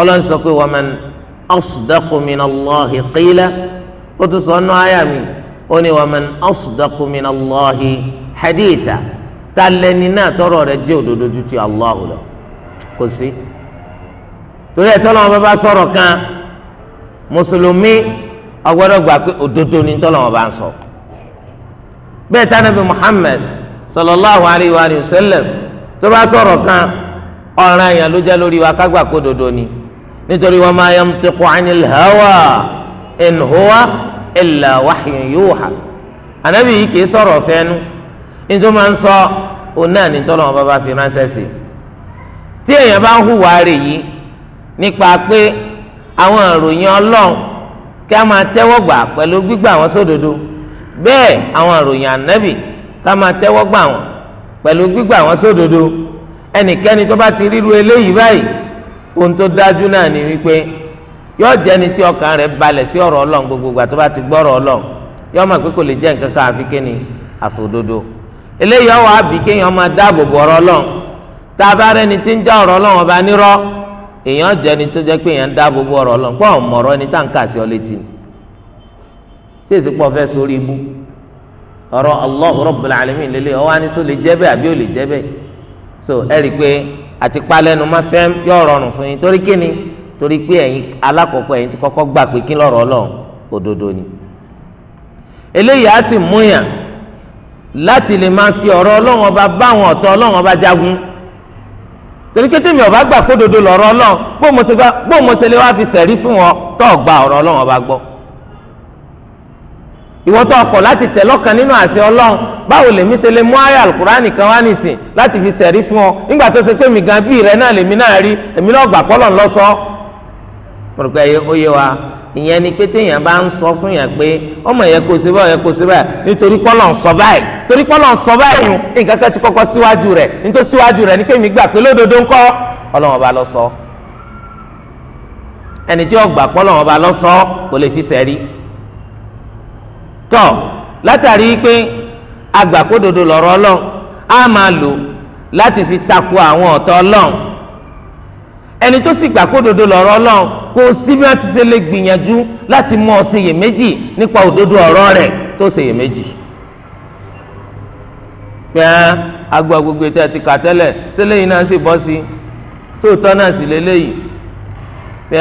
S1: ọlọ́run sọ pé wa man asdaqu min Allahi qila ó tún sọ ọ́nà àyà mi ó ní wa man asdaqu min Allahi haditha ta lẹni náà tọrọ rẹ̀ jẹ́ òdodo ju ti Allahu lọ kò sí. torí ẹ̀ tọ́lọ́ wọn bá sọ̀rọ̀ kan mùsùlùmí ọgbọ́dọ̀ gbà pé òdodo ni tọ́lọ́ wọn bá ń sọ. bẹ́ẹ̀ tí Ànábì Muhammad sallallahu alayhi wa sallam tó bá sọ̀rọ̀ kan ọ̀ràn yẹn ló jẹ́ lórí wa kágbà kó òdodo ni nítorí wa ma yantiqu anil hawa in huwa illa wahyan yuha ànábì yìí kìí sọ̀rọ̀ fẹ́nu nítorí máa ń sọ òun náà ní tọ́lọ́ wọn bá fi ránṣẹ́ sí i tí èèyàn bá ń hùwà rẹ̀ yìí nípa pé àwọn ìròyìn ọlọ́run kí a máa tẹ́wọ́ gbà pẹ̀lú gbígbà wọn sódodo bẹ́ẹ̀ àwọn ìròyìn ànábì ká máa tẹ́wọ́ gbà wọn pẹ̀lú gbígbà wọn sódodo ẹnikẹ́ni tó bá ti ríru eléyìí báyìí ohun tó dájú náà ni wípé yóò jẹ́ ni tí ọkàn rẹ̀ balẹ̀ sí ọ̀rọ̀ ọlọ́run gbogbo ìgbà tó bá ti gbọ́rọ̀ ọlọ́run yóò mọ̀ pé kò lè jẹ́ nǹkan kan àfi kéni àfòdodo eléyìí ọwọ́ àbí kéèyàn máa dáàbò bò ọ̀rọ̀ ọlọ́run tá a bá rẹni tí ń já ọ̀rọ̀ ọlọ́run ọba nírọ́ èèyàn jẹ́ ni tó jẹ́ pé èèyàn dáàbò bò ọ̀rọ̀ ọlọ́run pọ̀ mọ̀rọ̀ ni táǹkà sí ọ létí ni tí èsì Allah Rabbul Alamin lélẹ̀ ọwọ́ àni tó lè jẹ́ bẹ́ẹ̀ so ẹ rí i pé àtipalẹ́nu máa fẹ́ yọ̀ rọrùn fún yín torí torí pé ẹ̀yin alákọ̀ọ́kọ́ ẹ̀yin ti kọ́kọ́ gbà pé kí lọ́rọ̀ Ọlọ́run òdodo ni eléyìí á sì mú yàn láti lè máa fi ọ̀rọ̀ Ọlọ́run ọba bá àwọn ọ̀tọ̀ Ọlọ́run ọba jagun torí pé tèmi ọba gbà pé òdodo lọ́rọ̀ Ọlọ́run bó mo ṣe lè wá fi sẹ̀rí fún wọn tó gba ọ̀rọ̀ Ọlọ́run ọba gbọ́ ìwọ tó ọkọ láti tẹ lọ́kàn nínú àṣẹ Ọlọ́run báwo lèmi ṣe lè mú àyà alukurani kan wá nìsín láti fi sẹ̀rí fún ọ nígbà tó ṣe pé mi gan bí rẹ náà lèmi náà rí èmi náà gbà pọlọ ńlọsọ mo rò pé ó yé wa ìyẹn ni pé téèyàn bá ń sọ fún yàn pé ọmọ yẹn kò sí báyìí yẹn kò sí báyìí nítorí kọ́lọ̀ ń sọ báyìí torí kọ́lọ̀ ń sọ báyìí yùn nǹkan kan ti kọ́kọ́ síwájú rẹ̀ nítorí síwájú rẹ̀ ní kémi gbà pé lódodo ńkọ́ Ọlọ́run ọba ló sọ ẹni tí ọgbà kọ́lọ̀ ọba ló sọ kò lè fi sẹ́rí tọ́ látàrí pé agbàkódodo lọ̀rọ̀ Ọlọ́run á máa lò láti fi takò àwọn ọ̀tọ̀ Ọlọ́run ẹni tó sì gbà kódodo lọ̀rọ̀ Ọlọ́run kó sí bí wọ́n ti ṣe lè gbìyànjú láti mú ọ ṣeyèméjì nípa òdodo ọ̀rọ̀ rẹ̀ tó ṣeyèméjì. pé agbo agbègbè tẹ ti kà tẹ́lẹ̀ tẹ́lẹ̀ yìí náà sì bọ́ sí tóòtọ́ náà sì lélẹ́yìí pé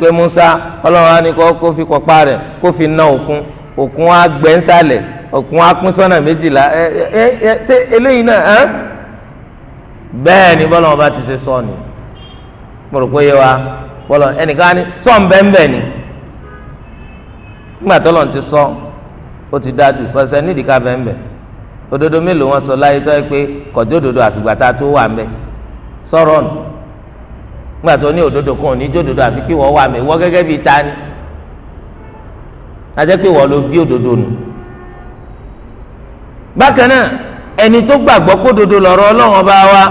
S1: pé Musa Ọlọ́run á ní kó fi kọ́pá rẹ̀ kó fi ná òkun òkun á gbẹ́ nsàlẹ̀ òkun á pín sọ́nà méjìlá ẹ ẹ ẹ eléyìí náà bẹ́ẹ̀ ni bọ́lá wọn bá ti ṣe sọ́ọ̀nù mo wa bọ́lọ̀ ẹnìkan ni sọ nbẹ́nbẹ́ ni nígbà tọ́lọ̀ ti sọ ó ti dájú pẹ̀sẹ̀ nídìí ká bẹ́nbẹ́ òdodo mélòó wọn sọ láyé tó yẹ pé kọjọ òdodo àfìgbà tá a tó wà mẹ sọ̀rọ̀ nù nígbà tó ní òdodo kan ò ní jó òdodo àfi kí wọ́n wà mẹ wọ́n gẹ́gẹ́ bíi ta ajẹ́ pé wọ́n ló bí òdodo nù. bákan náà ẹni tó gbàgbọ́ kó òdodo lọ́rọ̀ ọlọ́run ọba wa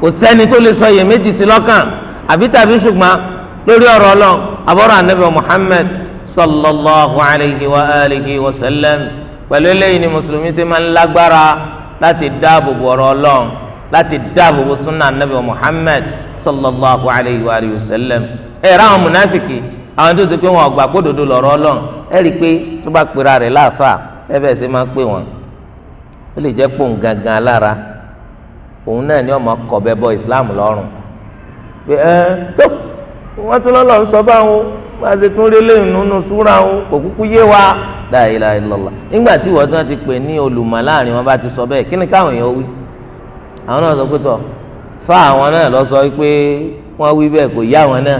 S1: kò sẹ́ni tó lè sọ iyèméjì sí lọ́kàn àbí tàbí ṣùgbọ́n lórí ọ̀rọ̀ ọlọ́run àbọ̀rọ̀ ànábì muhammed sallallahu alayhi wa alihi wa sallam pẹ̀lú eléyìí ni mùsùlùmí ti máa ń lágbára láti dáàbò bo ọ̀rọ̀ ọlọ́run láti dáàbò bo sunna ànábì muhammed sallallahu alayhi wa alihi wa sallam ẹ̀ rà àwọn munafiki àwọn tó ti pé wọn ọgbà kódodo lọ́rọ̀ ọlọ́run ẹ̀ rí i pé tó bá pera rẹ̀ láàfà ẹ̀ bẹ́ẹ̀ sì máa pè wọ́n ó lè jẹ́ pòun lára òun náà ni ọmọ kọbẹ bọ islam lọ́rùn pé ẹ tó wọn tún lọlọ sọ báwọn wọn àti tún rí lẹ́yìn nínú kò kúkú yé wa la ilaha nígbà tí ìwọ tí ti pè ní olùmọ láàrin wọn bá ti sọ bẹ́ẹ̀ kí káwọn èèyàn wí àwọn náà sọ pé tọ àwọn náà lọ sọ pé wọn wí kò yá àwọn náà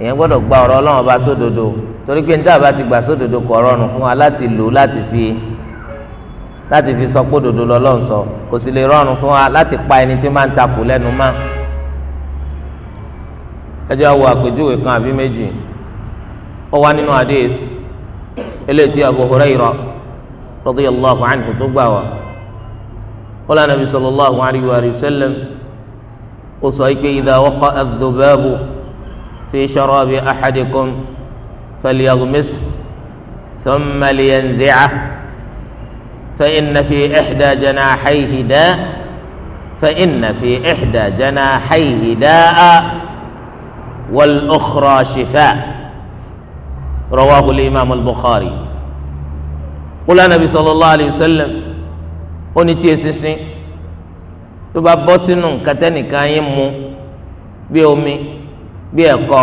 S1: èèyàn gbọ́dọ̀ gba ọ̀rọ̀ Ọlọ́run ọba sódodo torí pé níta bá ti gbà sódodo kọ rọrùn fún wa láti lò láti fi láti fi sọ pé òdodo lọ́lọ́run sọ kò sì lè rọrùn fún wa láti pa ẹni tí máa ń takò lẹ́nu mọ́. ẹ jẹ́ wo àpèjúwe kan àbí méjì ó wá nínú hadith eléyìí tí Abu Hurairah radiyallahu anhu tó gbà wá ó lánàá Nabi sallallahu alayhi wa sallam ó sọ ike idha waqa adh-dhubabu. في شراب أحدكم فليغمس ثم لينزعه فإن في إحدى جناحيه داء فإن في إحدى جناحيه داء والأخرى شفاء رواه الإمام البخاري قال النبي صلى الله عليه وسلم onítsí esisi tó bá bọ́ sínú nǹkan bí ẹ̀kọ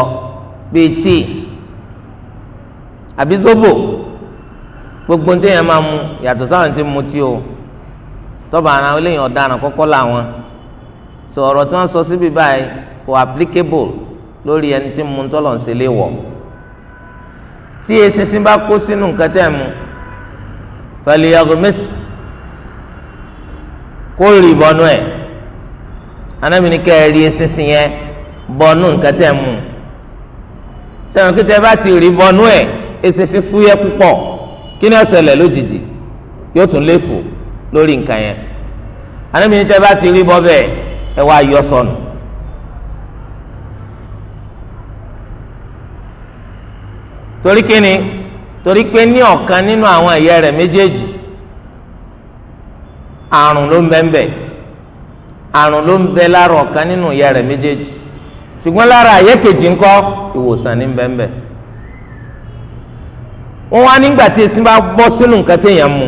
S1: bíi tíì àbí zobo gbogbo ní tẹ́yìn máa mu yàtọ̀ sáwọn tí mu tí o tọ́ba ara eléyìn ọ̀daràn kọ́kọ́ làwọn sọ ọ̀rọ̀ tí wọ́n sọ síbi báyìí kò applicable lórí ẹni tí mu tọ́lọ̀ ń ṣẹlẹ̀ wọ̀ tí eṣinṣin bá kó sínú nǹkan tẹ́ mu pẹ̀lú yàgò mẹ́sì kó rìbọnú ẹ̀ anábìíní kẹ́ ẹ rí eṣinṣin yẹn bọnú nǹkan tẹ mú sẹwọn kí tẹ bá ti rí bọnú ẹ èsì fífú yẹ púpọ̀ kí ni ó ṣẹlẹ̀ lójijì yóò tún léfò lórí nǹkan yẹn anábìyí tẹ bá ti rí bọ bẹ́ẹ̀ ẹ wá yọ sọnù. torí kíni torí pé ní ọ̀kan nínú àwọn ẹ̀yà rẹ̀ méjèèjì àrùn ló ń bẹ ń àrùn ló ń bẹ lára ọ̀kan nínú ẹ̀yà rẹ̀ méjèèjì ṣùgbọ́n lára àyè kejì ńkọ́ ìwòsàn ní bẹ́ẹ̀nbẹ́ẹ̀ wọ́n wá nígbà tí èsì bá bọ́ sínú nǹkan téèyàn mu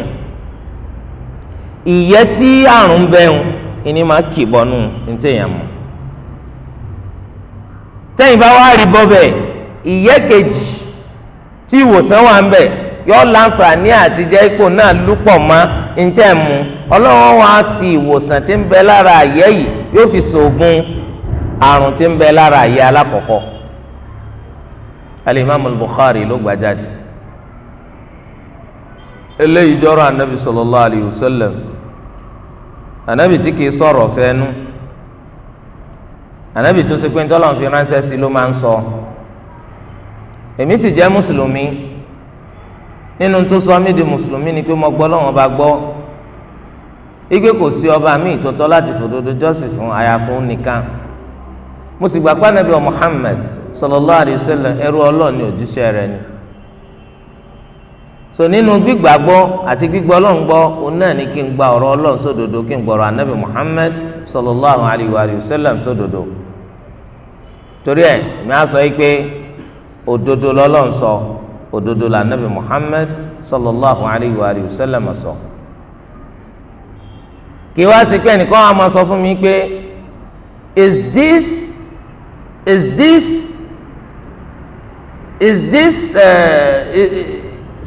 S1: ìyẹ́ tí àrùn bẹ́ẹ̀hùn ìní máa kì bọ́nú ní mu tẹ́yìn bá wá rí bọ́ bẹ́ẹ̀ ìyẹ́ kejì tí ìwòsàn wà ń yọ láǹfààní àtijọ́ ipò náà lúpọ̀ mọ́ ní tẹ́ mu ọlọ́run wá fi ìwòsàn tí ń bẹ lára yìí yóò fi àrùn tí ń bẹ lára àyè alákọ̀ọ́kọ́ alimami Bukhari ló gbà jáde eléyìí jọrọ anabi sallallahu alayhi wa sallam anabi tí kìí sọ̀rọ̀ fẹ́nu anabi tó ti pé ntọ́lọ́ fi ránṣẹ́ sí ló máa ń sọ èmi ti jẹ́ mùsùlùmí nínú tó sọ mí di mùsùlùmí ni pé mo gbọ́ lọ́wọ́n bá gbọ́ igbe kò sí ọba mi ìtọ́tọ́ láti fòdodo jọ́sìn fún àyàfún nìkan mo sì gbàgbọ́ anabi wa Muhammad sallallahu alayhi wa sallam ẹrú ọlọ́ọ̀ni òjíṣẹ́ ni so nínú gbígbàgbọ́ àti gbígbọ́ ọlọ́run gbọ́ òun náà ni kí n gba ọ̀rọ̀ ọlọ́run sódodo kí n gbọ́rọ̀ anabi Muhammad sallallahu alayhi wa sallam sódodo torí ẹ̀ mi á sọ yìí pé òdodo lọ́lọ́run sọ òdodo là anabi Muhammad sallallahu alayhi wa sallam sọ kí wá sí pé ẹnìkan wà máa sọ fún mi pé is this is this is this uh,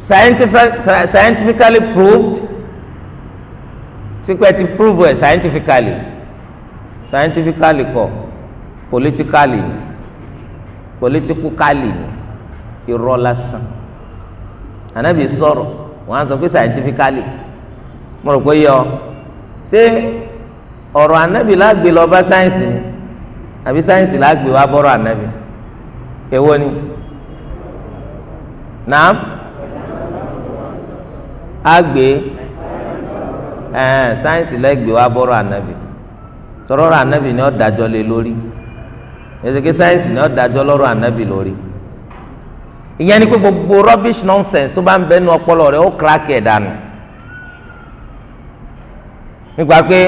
S1: scientific, scientifically proved sípẹ́ ti prove scientifically scientifically kọ politically politically ni irọ́ lásán ànábì sọ̀rọ̀ wọ́n á sọ pé scientifically mo rò pé yọ ṣé ọ̀rọ̀ ànábì lágbè lọ bá ni àbí sáyẹ́nsì lágbè wá bọ́rọ̀ ànábì èwo ni nàám àgbè ẹ̀ẹ́n sáyẹ́nsì lẹ́gbẹ̀ẹ́ wá bọ́rọ̀ ànábì tọ́rọ́rọ́ ànábì ni ó dájọ́ lé lórí ezeke sáyẹ́nsì ni ó dájọ́ lọ́rọ̀ ànábì lórí ìyẹn ni pé gbogbo rubbish nonsense tó bá ń bẹ nu ọpọlọ rẹ ó kíláàkì ẹ̀ dànù nígbà pé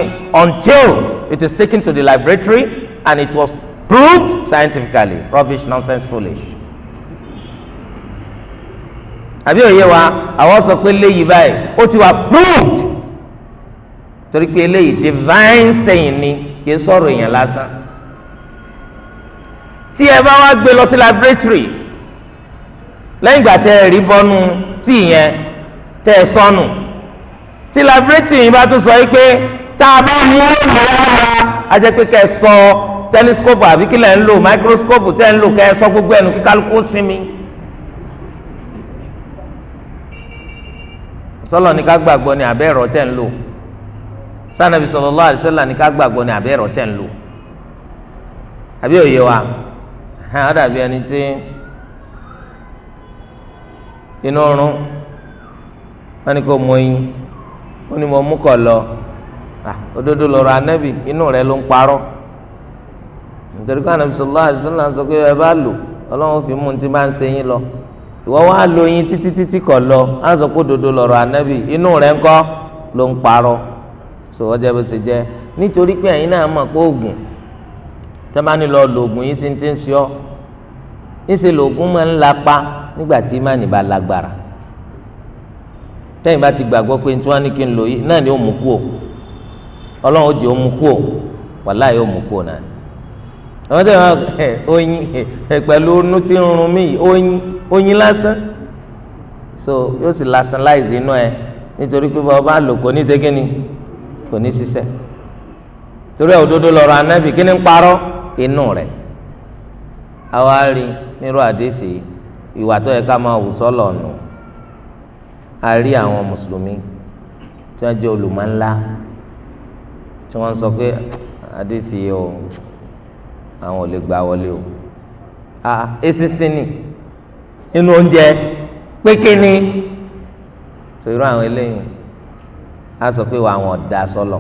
S1: until it is taken to the laboratory and it was proved scientifically rubbish nonsense foolish. àbí òye wa àwọn sọ pé léyìí báyìí ó ti wà proved torí pé eléyìí divine saying ni kìí sọ̀rọ̀ èèyàn lásán tí ẹ bá wá gbé lọ sí laboratory lẹ́yìn ìgbà tẹ́ ẹ rí bọ́nú tí ìyẹn tẹ́ ẹ sọnù tí laboratory yìí bá tún sọ yìí pé tá a bá mú ọ̀nà rárá a jẹ́ pé kẹ́ ẹ sọ tẹlisikópù àbí kílẹ̀ ń lò máikrósikópù tẹ́ ń lò kẹ́ ẹ sọ gbogbo ẹnu kí kálukú sọlọ ní ká gbàgbọ́ ni abẹ́ ẹ̀rọ tẹ́ ń lò sànàbí sallallahu alaihi wasallam ní ká gbàgbọ́ ní abẹ́ ẹ̀rọ tẹ́ ń lò. àbí òye wa hàn dàbí ẹni tí inú ọrùn wọn ni kò mọ eyín wọn ni mo mú kọ lọ òdodo lọ̀rọ̀ inú rẹ ló ń nítorí pé àná bisalòlá àdìsọ́lá sọ pé ẹ bá lò ọlọ́run fi mú ti máa ń ṣe yín lọ ìwọ wá lo yín títí títí kọ̀ lọ á sọ pé òdodo lọ̀rọ̀ ànábì inú rẹ̀ ń kọ́ ló ń parọ́ sọ wọ́n jẹ́ bó ṣe jẹ́ nítorí pé ẹ̀yin náà mọ̀ pé oògùn tẹ́ bá ní lọ lo oògùn yín ti ń ti ń ṣọ́ níṣẹ́ lóògùn máa ń lapa nígbà tí ìmánì bá lágbára tẹ́yìn bá ti gbàgbọ́ pé tí wọ́n ní kí n lò yìí náà ni ó mú kú ọlọ́run ó jẹ́ ó mú kú wàláì àwọn tẹ̀lé wọn ẹ oyin ẹ pẹ̀lú onú tí ń run mí oyin oyin lásán so yóò sì lásán láìsí inú ẹ nítorí pé bá ọba lò kò ní ṣe kíni kò ní ṣiṣẹ́ torí ẹ òdodo lọ̀rọ̀ anábì kíni ń parọ́ inú rẹ̀ àwa rí nírú àdéṣe ìwà tó yẹ ká máa wù sọ́lọ̀ nù a rí àwọn mùsùlùmí tí wọ́n jẹ́ olùmọ̀ tí wọ́n sọ pé àdéṣe o àwọn ò lè gbà wọlé o ah esinsin ni inú oúnjẹ pékinni tó irú àwọn eléyìí á sọ pé wọn àwọn ọ̀dà sọlọ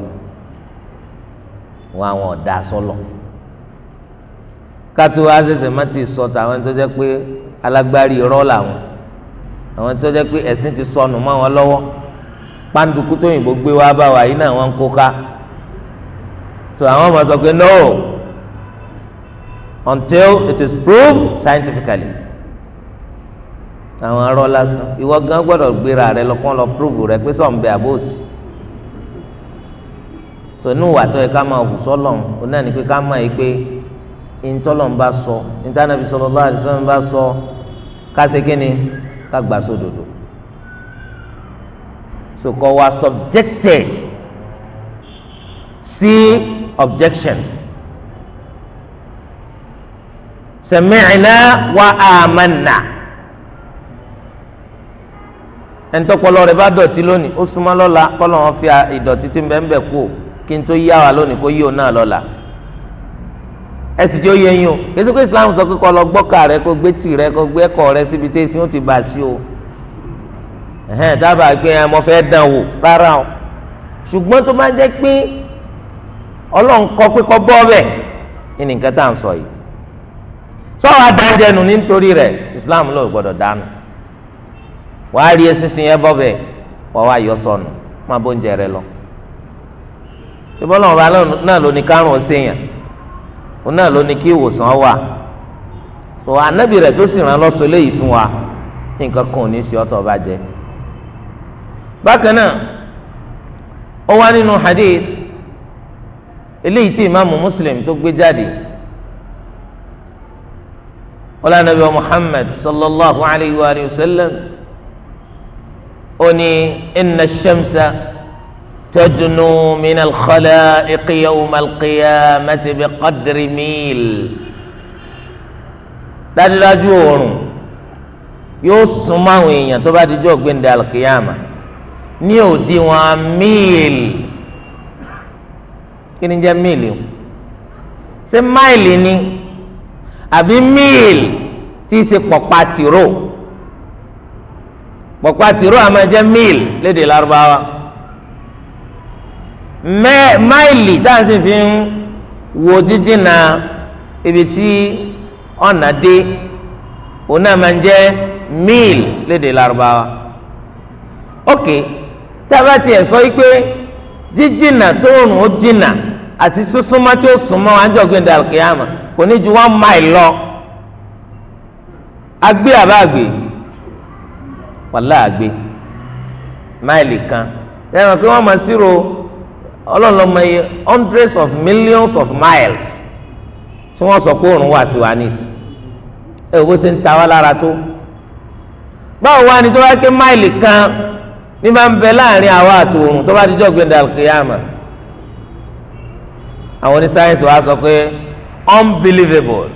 S1: wọn àwọn ọ̀dà sọlọ kátó azẹsẹ má ti sọ tàwọn tó jẹ pé alágbárí irọ́ làwọn àwọn tó jẹ pé ẹ̀sìn ti sọnù mọ́ wọn lọ́wọ́ pàǹdùkú tóyìnbó gbé wá bá wa yìí náà wọ́n ń kó ká tó àwọn ọmọ sọ pé no until it is proved scientifically. àwọn arọ lásán ìwọ gan gbọ́dọ̀ gbéra rẹ lọ kán lọ prove rẹ pé sọǹbẹ àbòsí tònú wà tó yẹ ká máa wù sọlọ ọ náà ní pé ká máa yí pé ìntọ́lọ̀ ń bá sọ ìntànàbí sallallahu alaihi wasallam ń bá sọ kásẹ̀ kínní ká gbà sódodo sòkò wa subjected sí objection sami'na wa amanna ẹnitọ́pọ̀lọ rẹ̀ bá dọ̀tí lónìí ó súnmọ́ lọ́la kọ́lọ́ wọn fi ìdọ̀tí tí ń bẹ́ẹ̀ bẹ́ẹ̀ kú kí n tó yá wa lónìí kó yí o náà lọ́la ẹ sì jẹ́ ó yín o kí Islam sọ pé kọ́ lọ gbọ́kà rẹ kó gbé tì rẹ kó gbé ẹ̀kọ́ rẹ síbi tí èsì ó ti bà sí o ẹ̀hẹ́n dábàá pé ẹ mọ fẹ́ dán wò rárá o ṣùgbọ́n tó bá jẹ́ pé Ọlọ́run kọ pé kọ́ bọ́ bẹ́ẹ̀ sọ́wọ́ adájẹ́ nù nítorí rẹ̀ islam ló gbọ́dọ̀ dánù wàá rí esinsin yẹn bọ́bẹ̀ wàá yọ sọnù má bó ń lọ. ìbọ́lọ́mọba náà ló ní kárùn-ún òun náà ló ní kí ìwòsàn wà rẹ̀ tó sì rán lọ́sọ léyìí fún wa nǹkan kan ò ní sí jẹ. bákan náà ó wá nínú hadith eléyìí tí ìmáàmù muslim tó gbé wọ́n anabi muhammad sallallahu alayhi wa sallam oni inna shamsa tadnu min alkhalaiqi yawma alqiyamati bi qadri mil dájúdájú oòrùn yóò sún máwọn èèyàn tó bá di jọ gbẹndé alkiyama ní òdiwọ̀n mil kí ni jẹ́ mil ṣé máìlì ni àbí míìl tí í ṣe pọ̀pá tìró pọ̀pá tìró àmọ́ jẹ́ míìl lédè lárúbáwá máìlì táǹsì fi ń wo jíjìnà ibi tí ọ̀nà dé òun náà máa ń jẹ́ míìl lédè lárúbáwá ok tí a bá tiẹ̀ sọ yìí pé jíjìnà tó rùn ó jìnà àti súnmọ́ tí súnmọ́ wájú ọ̀gbìn dàlùkìyàmà. kò ní ju one mile lọ agbé Abagbe wàlá agbe máìlì kan lẹ́yìn pé wọ́n máa ṣírò ọlọ́ọ̀lọ́mọ hundreds of millions of miles tí wọ́n sọ pé òun wà wa ní ẹ ò bó ń ta wá lára tó báwo wá ni tó bá ké kan ní máa ń bẹ láàrin àwa àti òun tó bá àwọn oníṣáyẹ̀nsì wa unbelievable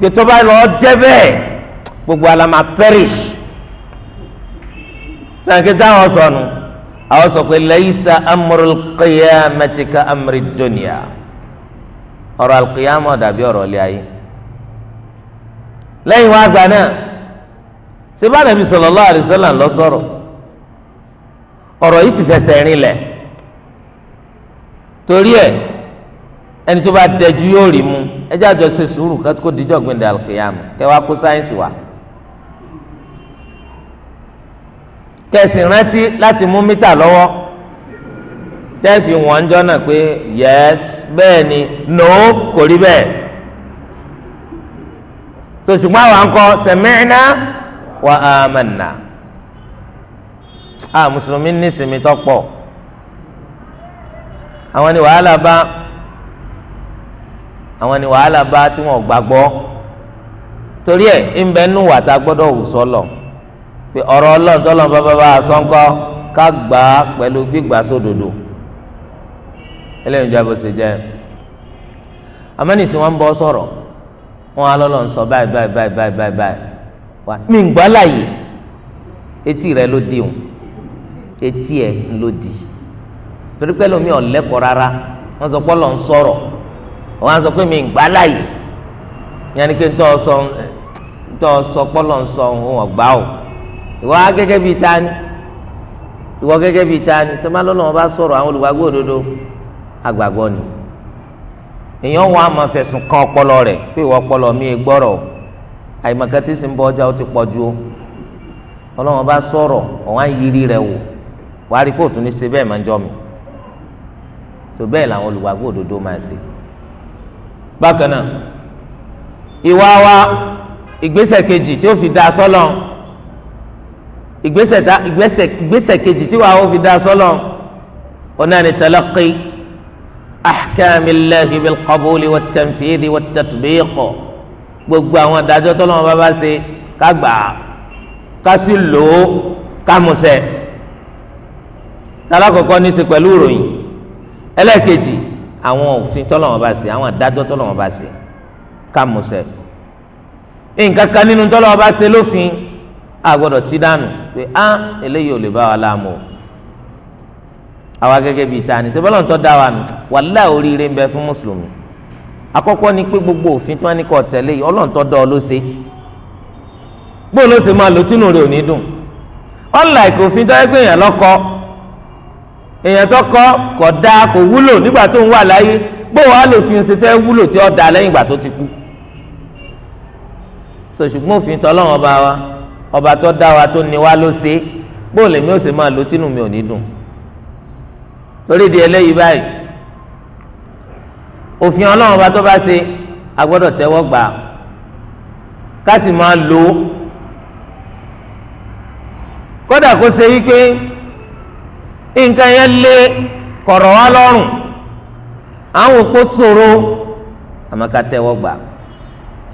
S1: ìgbésọ bá lọ jẹ bẹ́ẹ̀ gbogbo alama perish sànkì táwọn sọnù àwọn sọ pé laysa amrul qiyamati ka amri dunya ọ̀rọ̀ alqiyama dàbí ọ̀rọ̀ ilé ayé lẹ́yìn wá gbà náà sèbá nàbí sallallahu alaihi wasallam lọ sọ̀rọ̀ ọ̀rọ̀ yìí ti fẹsẹ̀ rinlẹ̀ torí ẹ̀ ẹni tó bá tẹjú yóò rí mu ẹjẹ àjọ ṣe sùúrù kó dijọ́ gbẹ̀ndẹ̀ àlùkìyàmù kẹwàá kó sáyẹ́ǹsì wá. kẹsì rántí láti mú mítà lọ́wọ́ tẹ́sì wọ́n ń jọ́nà pé yẹ́s bẹ́ẹ̀ ni no kò rí bẹ́ẹ̀. tòṣùgbọ́n àwọn akọ sẹ̀mẹ́ẹ̀nà wà á mẹ́nà. a mùsùlùmí ní sinmi tọ́pọ̀ àwọn ni wàhálà bá. àwọn ni wàhálà bá tí wọn gbàgbọ́ torí ẹ ńbẹ nù wà tá a gbọ́dọ̀ wù sọlọ pé ọ̀rọ̀ bàbá ká gbà á pẹ̀lú gbígbà sódodo eléyìí ìjọba jẹ́ ṣe wọn ń sọ̀rọ̀ wọn á sọ báyìí wọn á sọ pé mi ń gbá láàyè yẹn ni pé ń tọ́ ọ sọ ń tọ́ ọ sọ pọ́lọ̀ ń sọ òun ọ̀gbá o ìwọ gẹ́gẹ́ bíi ta ni ìwọ gẹ́gẹ́ bíi ta ni sọ́mà lọ́nà wọn bá sọ̀rọ̀ àwọn olùgbàgbọ́ òdodo àgbàgbọ́ ni èèyàn wọn a máa fẹ̀sùn kan ọpọlọ rẹ̀ pé ìwọ ọpọlọ mi è gbọ́rọ̀ àyèmọ̀kẹ́ sì ń bọ ọjà ó ti pọ̀ ju o ọlọ́wọ́n bá sọ̀rọ̀ òun á yiri rẹ̀ wò wàá rí kóòtù ní ṣe bẹ́ẹ̀ máa ń jọ mi tó bẹ́ẹ̀ làwọn olùgbàgbọ́ òdodo máa ṣe bákan náà ìwà wa ìgbésẹ̀ kejì tí ó fi da sọ́lọ̀ ìgbésẹ̀ ta ìgbésẹ̀ ìgbésẹ̀ kejì tí wàá ó fi da sọ́lọ̀ ọ̀nà ni talaqi ahkamillahi bil qabuli wat tanfidhi wat tatbiq gbogbo àwọn adájọ́ tọ́lọ́wọ́n bá bá ṣe ká gbà á ká sì lò ó ká mú ṣẹ. tàlákọ̀kọ́ ní ti pẹ̀lú ìròyìn ẹlẹ́ẹ̀kejì àwọn òfin tọ́lọ́wọ́n bá ṣe àwọn àdájọ́ tọ́lọ́wọ́n bá ṣe ká musẹ̀ nǹkan kan nínú tọ́lọ́wọ́n bá ṣe lófin àgbọ̀dọ̀ sí dànù pé á eléyìí ò lè bá wa láàmú o àwa gẹ́gẹ́ bíi tani ṣe bọ́lá ńtọ́ dá wa nù wàlá oríire ń bẹ fún mùsùlùmí àkọ́kọ́ ni pé gbogbo òfin tí wọ́n ní kọ́ tẹ̀lé yìí ọlọ́ọ̀tọ́ dọ́ ọ ló ṣe gbóò ló ṣe máa lò tínú rẹ̀ ò ní dùn unlike òfin èèyàn tó kọ́ kọ̀ da kò wúlò nígbà tó ń wà láyé bó wàá lòfin ṣe fẹ́ wúlò tí ó dáa lẹ́yìn ìgbà tó ti kú sọ ṣùgbọ́n òfin tọ́lọ́run ọba wa ọba tó dá wa tó ní wa ló ṣe bó lèmi ò sì máa lò sínú mi ò ní dùn torí di eléyìí báyìí òfin ọlọ́run ọba tó bá ṣe a gbọ́dọ̀ tẹ́wọ́ gbà á ká sì máa lò kódà kó ṣe wípé. nǹkan yẹn lé kọ̀rọ̀ wá lọ́rùn àwọn òpó ṣòro àmọ́ gbà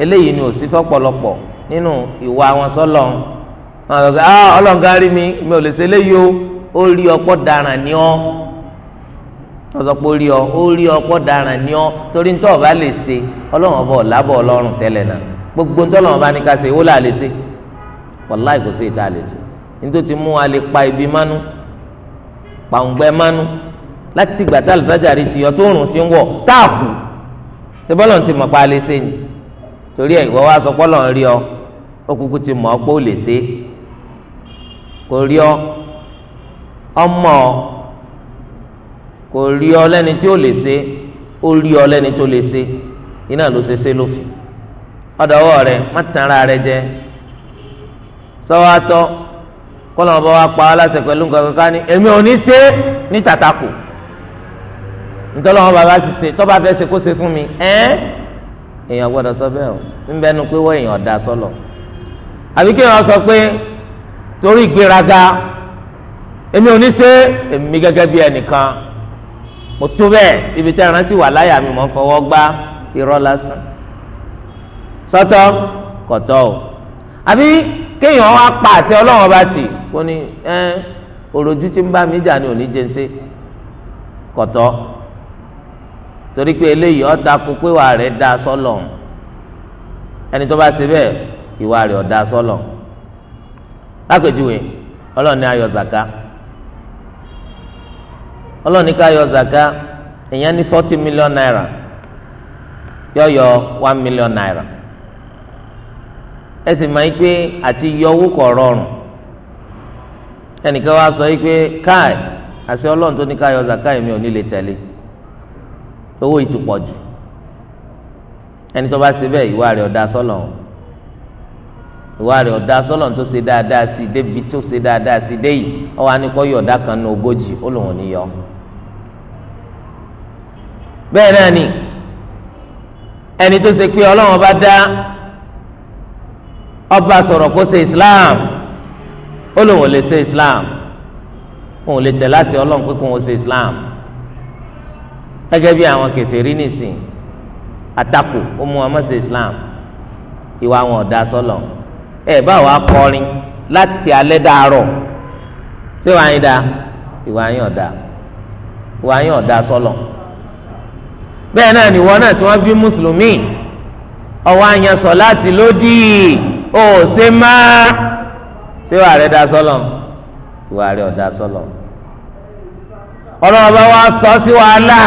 S1: eléyìí ni òsì fọ́pọ̀lọpọ̀ nínú ìwà àwọn sọ́lọ̀ ah, mi mi ò lè ṣe eléyìí o ó rí ọ̀pọ̀ daràn ní ọ wọ́n rí ọ ó rí ọba lè ṣe ọba ọlọ́run tẹ́lẹ̀ náà gbogbo nítorí ọba ní ká ṣe ìwọ́lá lè ṣe wàláì kò sí ìta lè ṣe nítorí mú wa ibi mánú pàǹgbẹ mánú láti gbà tá ti yọ tó ti ń wọ táàkù ṣé bọ́lọ̀ ti mọ̀ pa lè ṣe torí ẹ̀ ìwọ wá sọ pọ́lọ̀ ń rí ọ ó kúkú ti mọ̀ ọ́ pé ó lè ko kò rí ọ ọmọ kò rí ọ lẹ́ni tí ó lè ṣe ó rí ọ lẹ́ni tó lè ṣe iná ló ṣe ṣe rẹ má ara rẹ jẹ kọ́lọ́ ọba wa pa aláṣẹ pẹ̀lú nǹkan kankan ni èmi ò ní ṣe ní tàtàkù ntọ́lọ́wọ́n bàbá ti ṣe tọ́ba fẹ́ ṣe kó ṣe fún mi ẹ́n èèyàn gbọ́dọ̀ sọ bẹ́ẹ̀ o ńbẹ́ nu pé wọ́n èèyàn da sọ́lọ̀ àbí kí èèyàn sọ pé torí ìgbéraga èmi ò ní ṣe èmi gẹ́gẹ́ bí ẹnìkan mo tó bẹ́ẹ̀ ibi tí ẹran ti wà láyà mi mọ̀ fọwọ́ gbá irọ́ lásán sọ́tọ̀ kọ̀tọ́ o àbí kéèyàn wá pa àti ọlọ́run ọba tì kò ní ẹ òròjú tí ń bá mi ní òní kọtọ torí pé eléyìí ọta kó pé ìwà rẹ̀ da sọlọ ẹni tó bá ìwà rẹ̀ ọda sọlọ lápèjúwe zaka zaka èèyàn ní forty million naira one million ẹ sì máa ń pé àti yọ owó kọ̀ rọrùn ẹnìkan wá sọ yìí pé káì àṣẹ ọlọ́run tó ní ká yọ zakai mi ò ní lè tẹ̀lé owó ìtúpọ̀ jù ẹni tó bá ṣe bẹ́ẹ̀ ìwà rẹ̀ ọ̀dà sọ́lọ̀ ìwà rẹ̀ ọ̀dà sọ́lọ̀ tó ṣe dáadáa sí i débi tó ṣe dáadáa sí i dé ọwọ́ anìkọ́ yọ ọ̀dà kan ní ogójì ó lòun ní yọ. bẹ́ẹ̀ náà ni ẹni tó ṣe pé ọlọ́run bá dá ọba sọ̀rọ̀ kó ṣe islam ó lóun ò lè ṣe islam òun lè tẹ̀ láti ọlọ́run pé kóun ó ṣe islam gẹ́gẹ́ bí àwọn kèfèrí nìsín àtakò ó mú wọn má ṣe islam ìwà wọn ọ̀dà sọlọ ẹ bá wa kọrin láti alẹ́ dàárọ̀ ṣé wàá yín da ìwà yín ọ̀dà ìwà yín ọ̀dà sọlọ bẹ́ẹ̀ náà nìwọ náà tí wọ́n bí mùsùlùmí ọwọ́ àyànṣọ láti lódì ó se máa ṣé wàá rẹ da sọlọ ìwà rẹ ọ̀dà sọlọ ọlọ́wọ́ bá wá sọ sí wàhálà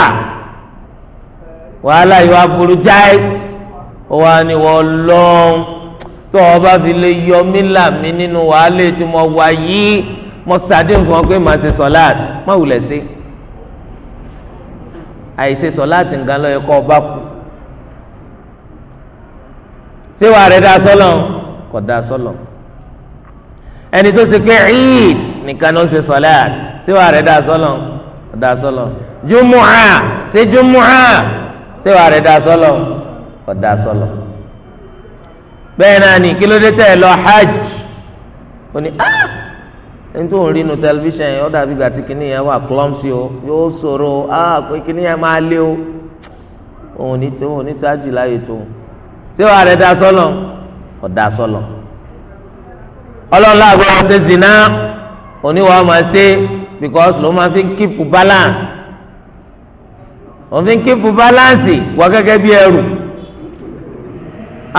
S1: wàhálà yìí wá burú jáì ó wá ní wọ́n lọ́n tó o bá fi lè yọ mí là mí nínú wàhálà tí mo wà yìí mo sàdéhùn fún ọ pé màá ṣe sọláàtì má wulẹ̀ sí àìṣe sọláàtì nǹkan lọ́yẹ kọ́ ọ bá kú ṣé wàá rẹ̀ dá sọ́lọ́n kódà sọlọ ẹni tó ti pé Eid nìkan ló ń ṣe sọlá tí wàá rẹ dá sọlọ kódà sọlọ jumu'a ṣe jumu'a tí wàá rẹ dá sọlọ kódà sọlọ bẹ́ẹ̀ náà ni kí ló dé tẹ̀ lọ hajj ó ní ah ẹni tó ń rí nu tẹlifíṣàn yẹn dàbí ìgbà tí kinní wà clumsy o yóò ṣòro ah pé kinní máa lé o òun ní tó òun ní tó àjùlá yìí tó
S2: ṣé rẹ dá sọlọ
S1: ọ̀dà sọlọ ọlọ́lá àgbọ̀rọ̀ ṣe zina oníwà máa ṣe because ló máa fi ń kíìpù balance òun fi ń kíìpù balance wọ gẹ́gẹ́ bí ẹrù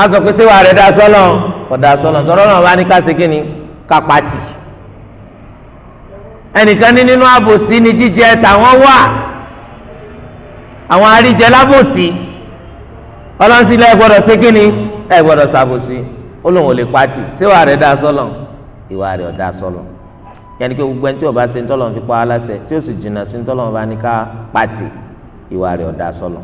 S1: azọ pé sẹ́wà rẹ̀ dá sọ́lọ̀ ọ̀dà sọ́lọ̀ sọ́lọ̀ náà wá ní káṣí kínní kápátì ẹnìkan ní nínú àbòsí ni jíjẹ tàwọn wà àwọn àríjẹ lábòsí ọlọ́sílẹ̀ gbọ́dọ̀ ṣe kínní ẹ gbọ́dọ̀ ṣàbòsí ó lóun ò lè pati síwà rẹ̀ dá sọ́lọ̀ ìwà rẹ̀ ọ̀dá sọ́lọ̀ yẹnni pé gbogbo ẹni tí ó bá ṣe ń tọ́lọ̀ fi pa á láṣẹ tí ó sì jìnnà sí ń tọ́lọ̀ bá ní ká pati ìwà rẹ̀ ọ̀dá sọ́lọ̀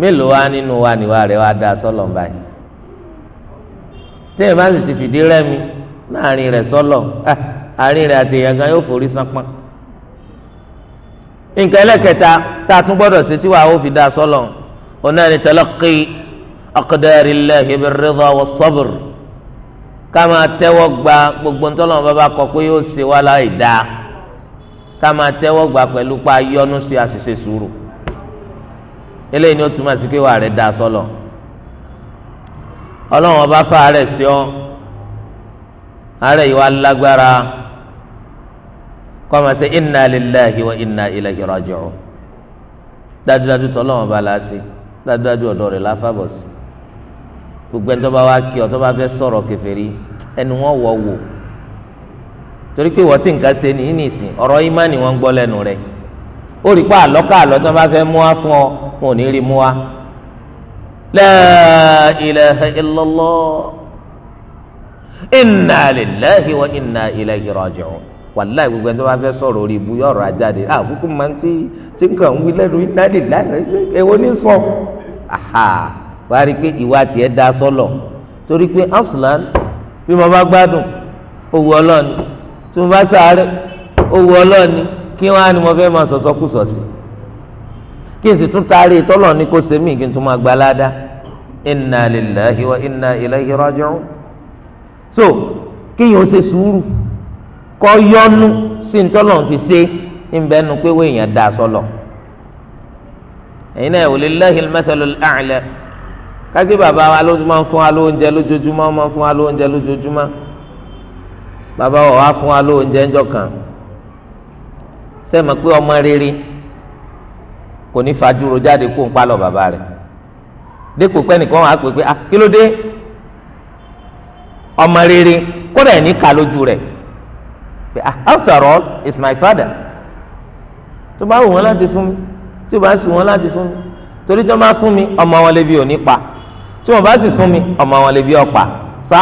S1: mélòó wá nínú wa níwà rẹ̀ wá dá sọ́lọ̀ báyìí tí ẹ bá sì ti fìdí rẹ́mi láàrin rẹ̀ sọ́lọ̀ àárín rẹ̀ àti èèyàn yóò forí sanpọ́n nǹkan ẹlẹ́kẹta tá a tún gbọ́dọ̀ ṣe tí wàá ó fi dá sọ́lọ̀ ọ̀nà ni talaqqi akadari الله bi والصبر كما sabr kama tẹ́wọ́ gba gbogbo ntọ́lọ́mọ bàbá kọ pé yóò ṣe wá láì dá kama tẹ́wọ́ gba pẹ̀lú pa yọnu sí àṣìṣe sùúrù eléyìí ni ó túmọ̀ sí pé wà rẹ̀ dá sọlọ ọlọ́run ọba fa àárẹ̀ sí ọ àárẹ̀ yìí lágbára kọ́mọ̀ sí inna lillahi wa inna ilayhi dájúdájú tọ́lọ́run ọba láti dájúdájú ọ̀dọ́ rẹ̀ láfàbọ̀ gbogbo ẹni tó bá wá kí ọ tó bá fẹ́ sọ̀rọ̀ kèfèrí ẹnu wọn wọ wò torí pé wọ́n ti nǹkan ṣe ní ìnìsín ọ̀rọ̀ ìmánì wọn gbọ́ lẹ́nu rẹ̀ ó rí pa àlọ́kà àlọ́ tó bá fẹ́ mú wa fún ọ wọn ò ní rí mú wa. la ilaha illallah inna lillahi wa inna ilayhi raji'un wàláì gbogbo ẹni tó bá fẹ́ sọ̀rọ̀ orí ibu yọ̀rọ̀ ajáde àkókò ah, máa ń tí tí nǹkan ń wí lẹ́nu iná lè lánàá ní sọ wàá rí i pé ìwà tiẹ̀ da sọ́lọ̀ torí pé aslan bí mo bá gbádùn owó ọlọ́ọ̀ni tí mo bá sàárẹ̀ owó ọlọ́ọ̀ni kí wọ́n á ní mo fẹ́ máa sọ̀sọ́ kù sọ̀sì kí n sì tún taari ìtọ́lọ̀ ní kó sèmí kí n tún máa gba ládàá inna lillahi wa inna ilayhi raji'un so kéèyàn ó ṣe sùúrù kọ́ yọ́nú sí ntọ́lọ̀ ti ṣe ńbẹ́nu pé wọ́n èèyàn da sọ́lọ̀ ẹ̀yin náà wòlé lẹ́hìn mẹ́tẹ́lẹ́ àlẹ́ kásì bàbá wa ló máa ń fún wa lóúnjẹ lójoojúmọ́ ó máa ń fún wa lóúnjẹ lójoojúmọ́ bàbá wa wá fún wa lóúnjẹ ńjọ́ kan sẹ́mi pé ọmọ rere kò ní fàdúró jáde kó ń palọ̀ bàbá rẹ̀ dípò pé nìkan wà á pè pé ah kí ló dé ọmọ rere kódà ẹ̀ ní ká lójú rẹ̀ pé ah after all it's my father tó bá wù wọ́n láti fún mi tí ó bá sì wọ́n láti fún mi torí tí wọ́n bá fún mi ọmọ wọn lè bí òní pa tí wọn bá sì fún mi ọmọ wọn lè bí ọ̀pá fa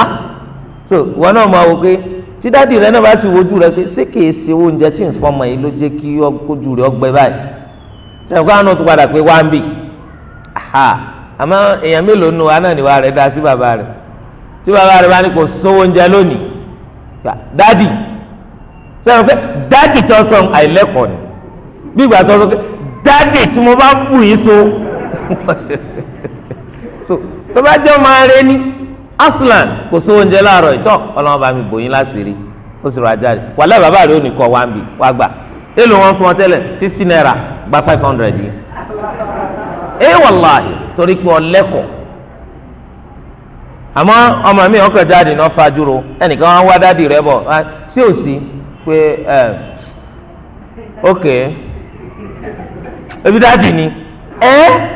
S1: so wọn náà máa wò pé tí dáàdi rẹ náà bá sì wojú rẹ pé ṣé kìí ṣe oúnjẹ tí nǹkan ọmọ yìí ló jẹ́ kí ojú rẹ ọgbẹ́ báyìí ṣàkóso àwọn tó padà pé wá ń bì àmọ́ èèyàn mélòó nù wá náà níwá rẹ dá sí bàbá rẹ tí bàbá rẹ bá ní kò sówó oúnjẹ lónìí dáàdi sẹ́wọ̀n pé dáàdì tó sọ àìlẹ́kọ̀ọ́ ni bí ìgbà tó sọ pé dáàdì tí mo bá bù yín so tó bá jẹ́ ní aslan kò sówó oúnjẹ láàárọ̀ ìtọ́ ọlọ́wọ́n bá mi bò yín láṣìírí ó sì rọ ajá rẹ̀ wàlẹ́ bàbá wọn fún ọ tẹ́lẹ̀ naira gba five hundred yìí. ẹ wàláhì torí pé ọ lẹ́kọ̀ọ́ àmọ́ ọmọ mi ọkọ̀ jáde náà fajúro ẹnìkan wá rẹ bọ̀ sí òsì pé ebi ni ẹ.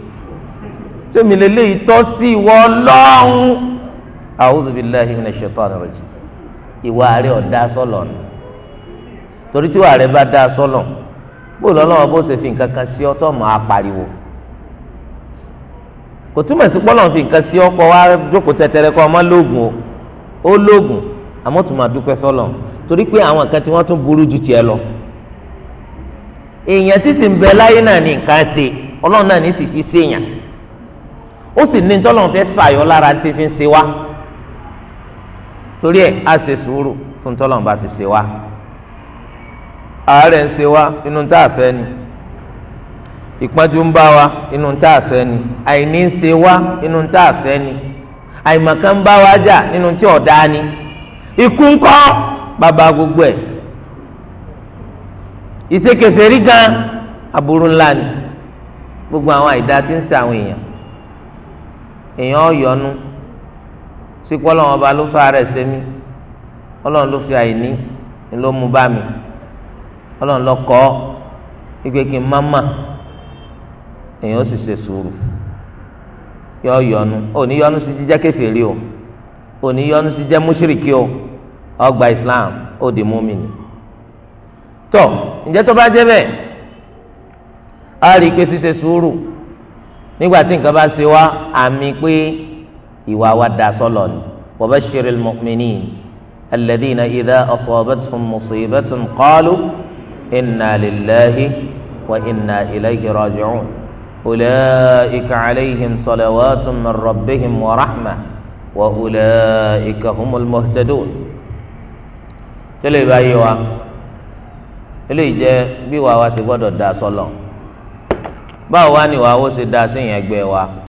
S1: sẹ́mi lé tọ́ sí ìwọ ọlọ́run a'udhu billahi minash shaitani rajim ìwà rẹ̀ torí tí rẹ̀ bá dá sọ́lọ̀ bóòlù ọlọ́run bó ṣe fi nǹkan kan sí ọ pariwo kò túmọ̀ sí pọ́lọ́n fi nǹkan sí ọkọ̀ wá jókòó tẹ̀tẹ̀rẹ̀ kọ́ ọmọ lóògùn o ó lóògùn àmọ́ tó máa dúpẹ́ àwọn nǹkan wọ́n tún burú ju tiẹ̀ lọ èèyàn ó sì ní tọ́lọ́n fẹ́ fàyọ lára tí fi ń ṣe wá torí ẹ̀ á ṣe sùúrù fún tọ́lọ́n bá fi ṣe wá àárẹ̀ ń ṣe wá inú tá a fẹ́ ni ìpọ́njú ń bá wa inú tá a fẹ́ ni àìní ń ṣe wá inú tá a fẹ́ ni àìmọ̀kan ń bá wa jà nínú tí ọ̀dá ni ikú ń kọ́ bàbá gbogbo ẹ̀ ìṣekèsè rí gan aburú ńlá ni gbogbo àwọn àìdá tí ń ṣe àwọn èèyàn èèyàn ọ̀yọ́nu sí pọ́lọ́wọ́n ọba ló fà rẹ̀ sẹ́mi ọlọ́run ló fi àìní ló mú bá mi ọlọ́run lọ kọ́ igbe kí n má mà èèyàn ó sì ṣe sùúrù yọ ọ̀yọ́nu òní yọ́nu sí jíjẹ́ kèfèrí o òní yọ́nu sí jẹ́ mùṣírìkí o ọgbà Islam ó di múmìnì tọ́ ǹjẹ́ tó bá jẹ́ bẹ́ẹ̀ á rí i pé ṣíṣe sùúrù nígbà tí nǹkan bá ṣe wá àmì pé ìwà wa dà sọlọ ni wa bashiril mu'minin alladhina idha asabatuhum musibatun qalu inna lillahi wa inna ilayhi raji'un ulaika alayhim salawatun min rabbihim wa rahma wa ulaika humul muhtadun tẹ́lẹ̀ báyìí wa eléyìí jẹ́ bí wàá wa ti gbọ́dọ̀ dà sọlọ báwo wá ní wàá wó ṣe dáa sí ìyẹn ẹgbẹ́ wa